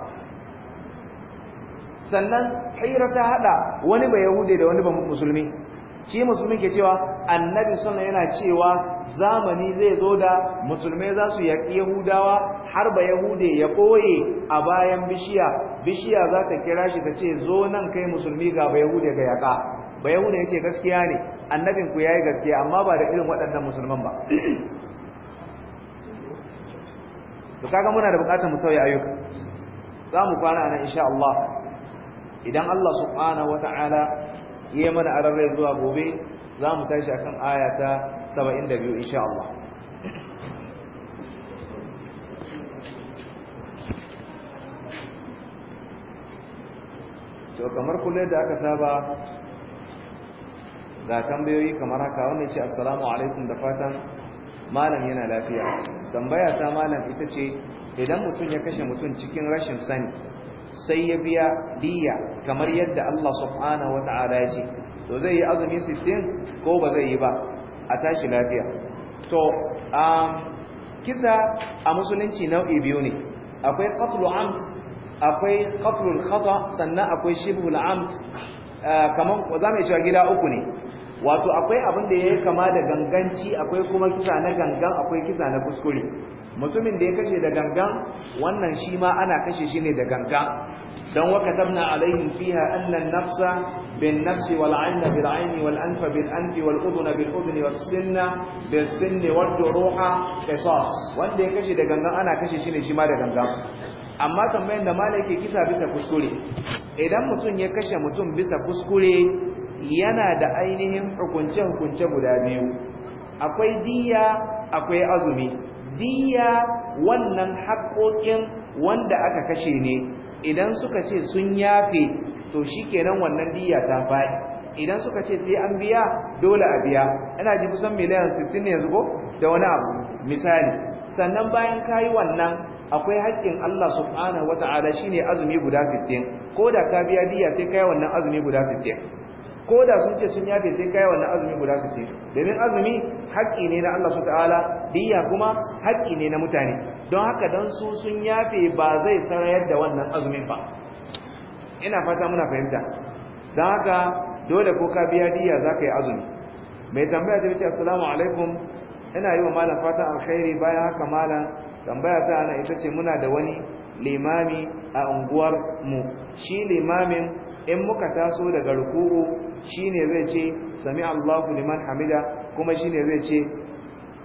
sannan hira ta haɗa wani ba yahude da wani ba musulmi shi musulmi ke cewa annabi sallallahu yana cewa zamani zai zo da musulmai za su yaƙi yahudawa har ba yahude ya ɓoye a bayan bishiya bishiya za ta kira shi ta ce zo nan kai musulmi ga ba yahude ga yaƙa ba yahude ya ce gaskiya ne annabin ku yayi gaskiya amma ba da irin waɗannan musulman ba to kaga muna da bukatar mu sauya ayyuka za mu kwana anan insha Allah idan Allah subhanahu wata'ala yayi mana ararrai zuwa gobe za mu tashi akan aya ta 72 insha Allah to kamar kullum da aka saba ga tambayoyi kamar haka wanda ya ce assalamu alaikum da fatan malam yana lafiya tambaya ta malam ita ce idan mutum ya kashe mutum cikin rashin sani sai ya biya diya kamar yadda Allah subhanahu wa ta'ala ya ce to zai yi azumi 60 ko ba zai yi ba a tashi lafiya to um, kisa a musulunci nau'i biyu ne akwai qatlu amt akwai qatlu khata sannan akwai shibhu al-amt uh, kaman mu cewa gida uku ne wato akwai abin da ya kama da ganganci akwai kuma kisa na gangan akwai kisa na kuskure mutumin da ya kashe da gangan wannan shi ma ana kashe shi ne da gangan don waka tabna alaihim fiha anna an-nafsa bin nafsi wal 'ayna bil 'ayni wal anfa bil anfi wal udhuna bil udhuni was sinna bis sinni wad ruha qisas wanda ya kashe da gangan ana kashe shi ne shi ma da gangan amma tambayan da malai ke kisa bisa kuskure idan mutum ya kashe mutum bisa kuskure yana da ainihin hukunce-hukunce guda biyu akwai diya akwai azumi diya wannan haƙoƙin wanda aka kashe ne idan suka ce sun yafe to shikenan wannan diya ta faɗi idan suka ce sai an biya dole a biya ina ji kusan miliyan 60 ne yanzu ko da wani abu misali sannan bayan kayi wannan akwai haƙƙin Allah subhanahu wata'ala shine azumi guda 60 ko da ka biya diya sai kai wannan azumi guda 60 ko da sun ce sun yafe sai kai wannan azumi guda 60 domin azumi haƙƙi ne na Allah ta'ala diyya kuma haƙƙi ne na mutane don haka dan su sun yafe ba zai sarayar da wannan azumin ba ina fata muna fahimta don haka dole ko ka biya diyya zaka yi azumi mai tambaya ta ce assalamu alaikum ina yi wa malam fata alkhairi bayan haka malam tambaya ta ana ita ce muna da wani limami a unguwar mu shi limamin in muka taso daga ruku'u shine zai ce sami Allahu liman hamida kuma shine zai ce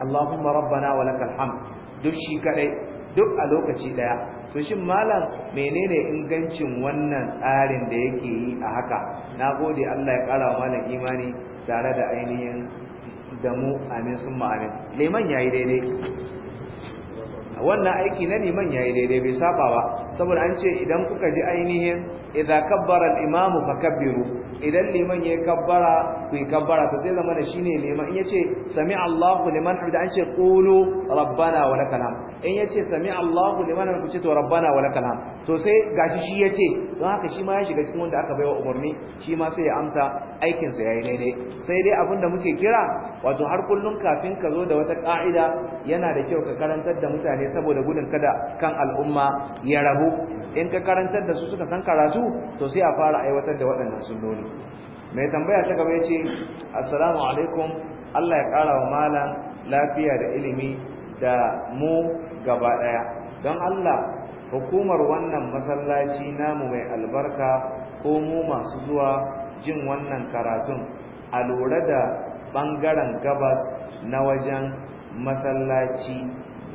Allahumma rabbana wa lakal hamd duk shi kadai duk a lokaci daya to shin malam menene ingancin wannan tsarin da yake yi a haka nagode Allah ya kara mana imani tare da ainihin damu amin sun ma'amin liman yayi daidai wannan aiki na liman yayi daidai bai saba ba saboda an ce idan kuka ji ainihin idza kabbara al-imamu fakabbiru idan liman ya kabbara ku yi kabbara ta zai zama da ne liman in yace sami Allahu liman hamida an ce kulu rabbana wa lakana in yace sami Allahu liman hamida ku ce to rabbana wa lakana to sai gashi shi yace don haka shi ma ya shiga cikin wanda aka baiwa umarni shi ma sai ya amsa aikin sa yayi daidai sai dai abin da muke kira wato har kullun kafin ka zo da wata ka'ida yana da kyau ka karantar da mutane saboda gudun kada kan al'umma ya rabu in ka karantar da su suka san karatu to sai a fara aiwatar da waɗannan sunnoni mai tambaya ta gaba ce, assalamu alaikum Allah ya kara wa malam lafiya da ilimi da mu gaba daya don Allah hukumar wannan masallaci namu mai albarka ko mu masu zuwa jin wannan karatun a lura da bangaren gabas na wajen masallaci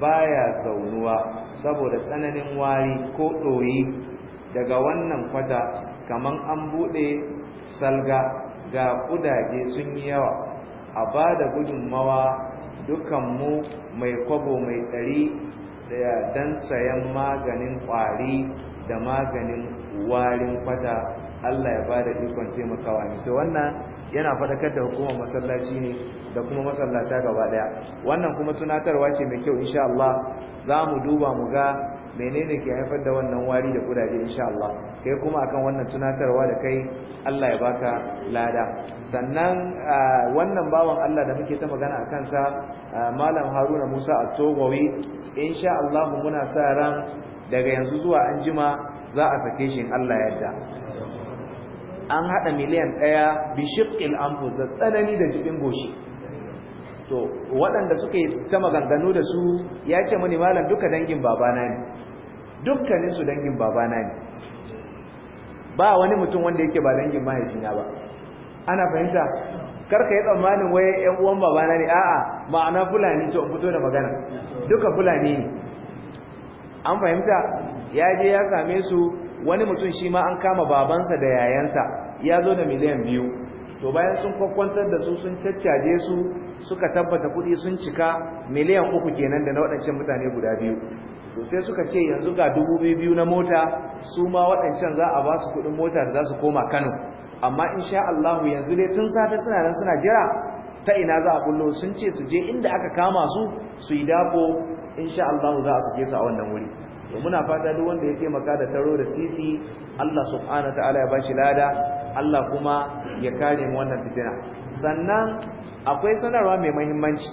baya zaunuwa saboda tsananin wari ko ɗoyi daga wannan kwata kamar an buɗe salga ga kudaje sun yi yawa a ba da gudunmawa dukanmu mai kwabo mai ɗari da dan sayan maganin ƙwari da maganin warin fata, Allah ya ba da ikon taimakawa ne to wannan yana faɗakar da hukumar masallaci ne da kuma masallata gaba ɗaya wannan kuma tunatarwa ce mai kyau insha Allah za mu duba mu ga menene ke haifar da wannan wari da kudaje insha Allah kai kuma akan wannan tunatarwa da kai Allah ya baka lada sannan wannan bawan Allah da muke ta magana akan sa malam Haruna Musa At-Togawi insha Allah muna sa ran daga yanzu zuwa anjima za a sake shi in Allah ya yarda an hada miliyan 1 bi shiqqil anfus da tsanani da jibin goshi to waɗanda suke ta maganganu da su ya ce mani malam duka dangin babana ne dukkaninsu dangin babana ne ba wani mutum wanda yake ba dangin mahaifina ba ana fahimta karka yi tsammanin waye 'yan uwan babana ne a'a ma'ana fulani to fito da magana duka fulani ne an fahimta ya je ya same su wani mutum shi ma an kama babansa da yayansa ya zo da miliyan biyu to bayan sun kwakwantar da su sun caccaje su suka tabbata kuɗi sun cika miliyan uku kenan da na waɗancan mutane guda biyu to sai suka ce yanzu ga dubu biyu na mota su ma waɗancan za a ba su kuɗin mota da za su koma kano amma in Allah yanzu dai tun safe suna nan suna jira ta ina za a bullo sun ce su je inda aka kama su su yi dako in Allah za a suke su a wannan wuri to muna fata duk wanda ya taimaka da taro da sisi Allah subhanahu ta'ala ya bashi lada Allah kuma ya kare mu wannan fitina sannan akwai sanarwa mai muhimmanci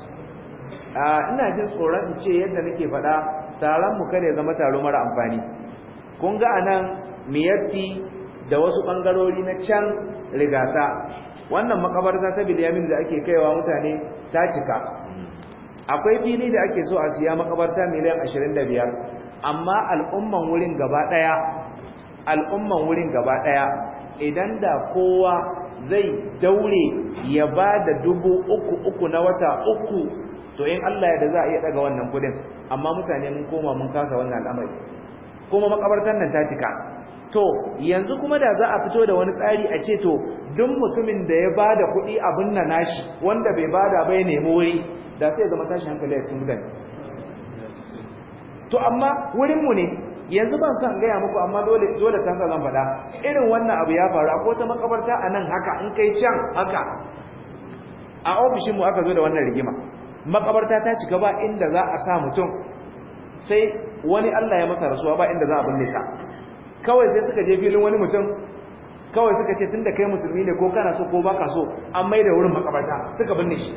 ah, ina jin tsoron in ce yadda nake faɗa taron mu kada zama taro mara amfani kun ga anan miyatti da wasu bangarori na can rigasa wannan makabarta ta Bilyamin da ake kaiwa mutane ta cika akwai fili da ake so a siya makabarta miliyan 25 amma al'umman wurin gaba daya al'umman wurin gaba daya idan da kowa zai daure ya ba da dubu uku uku na wata uku to in Allah ya da za a iya daga wannan kudin amma mutane mun koma mun kasa wannan al'amari kuma makabartan nan ta cika to yanzu kuma da za a fito da wani tsari a ce to duk mutumin da ya bada kuɗi abin na nashi wanda bai bada bai nemi wuri da sai zama tashin hankali a cikin mutane to amma wurin mu ne yanzu ban san gaya muku amma dole dole ta sa zan faɗa irin wannan abu ya faru akwai ta makabarta a nan haka in kai can haka a ofishin mu aka zo da wannan rigima makabarta ta cika ba inda za a sa mutum sai wani Allah ya masa rasuwa ba inda za a binne sa kawai sai suka je filin wani mutum kawai suka ce tunda kai musulmi ne ko kana so ko baka so an maida wurin makabarta suka binne shi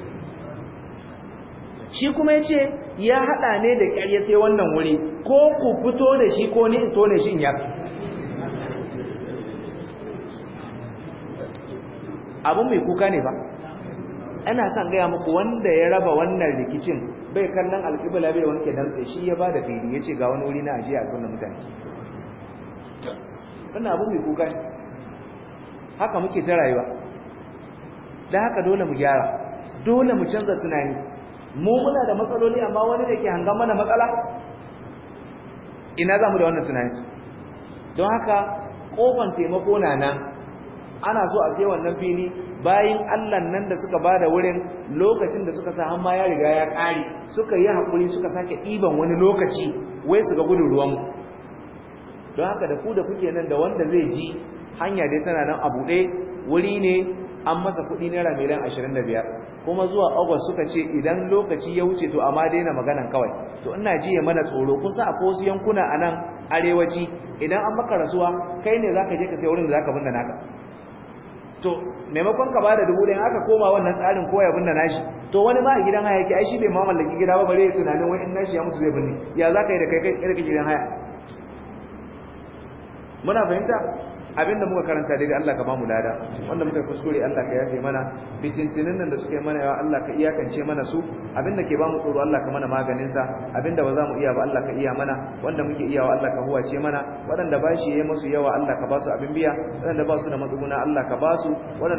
shi kuma ya ce ya haɗa ne da kyarye sai wannan wuri ko ku fito da shi ko ni fito ne shi in yafi mai kuka ne ba ina son gaya muku wanda ya raba wannan rikicin bai kallon alƙibla bai wanke dantse shi ya ba da fili ya ce ga wani wuri na ajiye a kunna mutane wannan abu mai kuka ne haka muke ta rayuwa da haka dole mu gyara dole mu canza tunani mu muna da matsaloli amma wani da ke hangan mana matsala ina za mu da wannan tunani don haka kofan taimako na nan ana so a sai wannan fili bayin Allah nan da suka ba da wurin lokacin da suka sa hamma ya riga ya kare suka yi hakuri suka sake ɗiban wani lokaci wai su ga gudun ruwan don haka da ku da kuke nan da wanda zai ji hanya dai tana nan a buɗe wuri ne an masa kuɗi naira miliyan ashirin da biyar kuma zuwa agwas suka ce idan lokaci ya wuce to amma daina maganan kawai to ina ji mana tsoro kusa a wasu yankuna a nan arewaci idan an maka rasuwa kai ne za ka je ka sai wurin da za ka naka to maimakon ka bada dubu ɗaya aka koma wannan tsarin ko ya binne nashi to wani ma a gidan haya yake ai shi bai ma mallaki gida ba bare ya tunanin wai in nashi ya mutu zai binne ya za ka yi da kai kai irin gidan haya muna fahimta abin da muka karanta daidai Allah ka bamu lada wanda muka kuskure Allah ka yafe mana bitintinin nan da suke mana yawa Allah ka iyakance mana su abin da ke bamu tsoro Allah ka mana maganin sa abin da ba za mu iya ba Allah ka iya mana wanda muke iya wa Allah ka huwace mana wadanda ba shi yayi musu yawa Allah ka ba abin biya wadanda ba su da matsuguna Allah ka ba su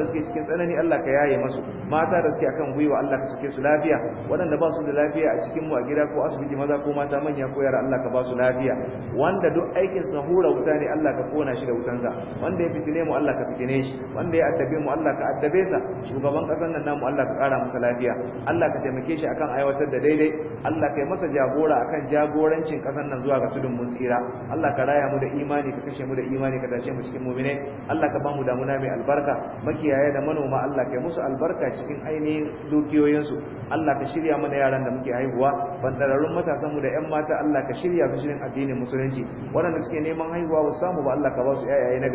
suke cikin tsanani Allah ka yaye masu mata da suke akan gwiwa Allah ka suke su lafiya wadanda ba su da lafiya a cikin mu a gida ko asibiti maza ko mata manya ko yara Allah ka basu lafiya wanda duk aikin sa hura wuta ne Allah ka kona shi da sa wanda ya fitine mu Allah ka fitine shi wanda ya addabe mu Allah ka addabe sa shugaban kasan nan namu Allah ka kara masa lafiya Allah ka taimake shi akan aiwatar da daidai Allah ka yi masa jagora akan jagorancin kasan nan zuwa ga tudun mun tsira Allah ka raya mu da imani ka kashe mu da imani ka dace mu cikin mu'mine Allah ka ba mu damuna mai albarka makiyaye da manoma Allah ka yi musu albarka cikin ainihin dukiyoyinsu Allah ka shirya mana yaran da muke haihuwa bandararrun matasan mu da 'yan mata Allah ka shirya su addinin musulunci waɗanda suke neman haihuwa ba samu ba Allah ka ba su yayaye na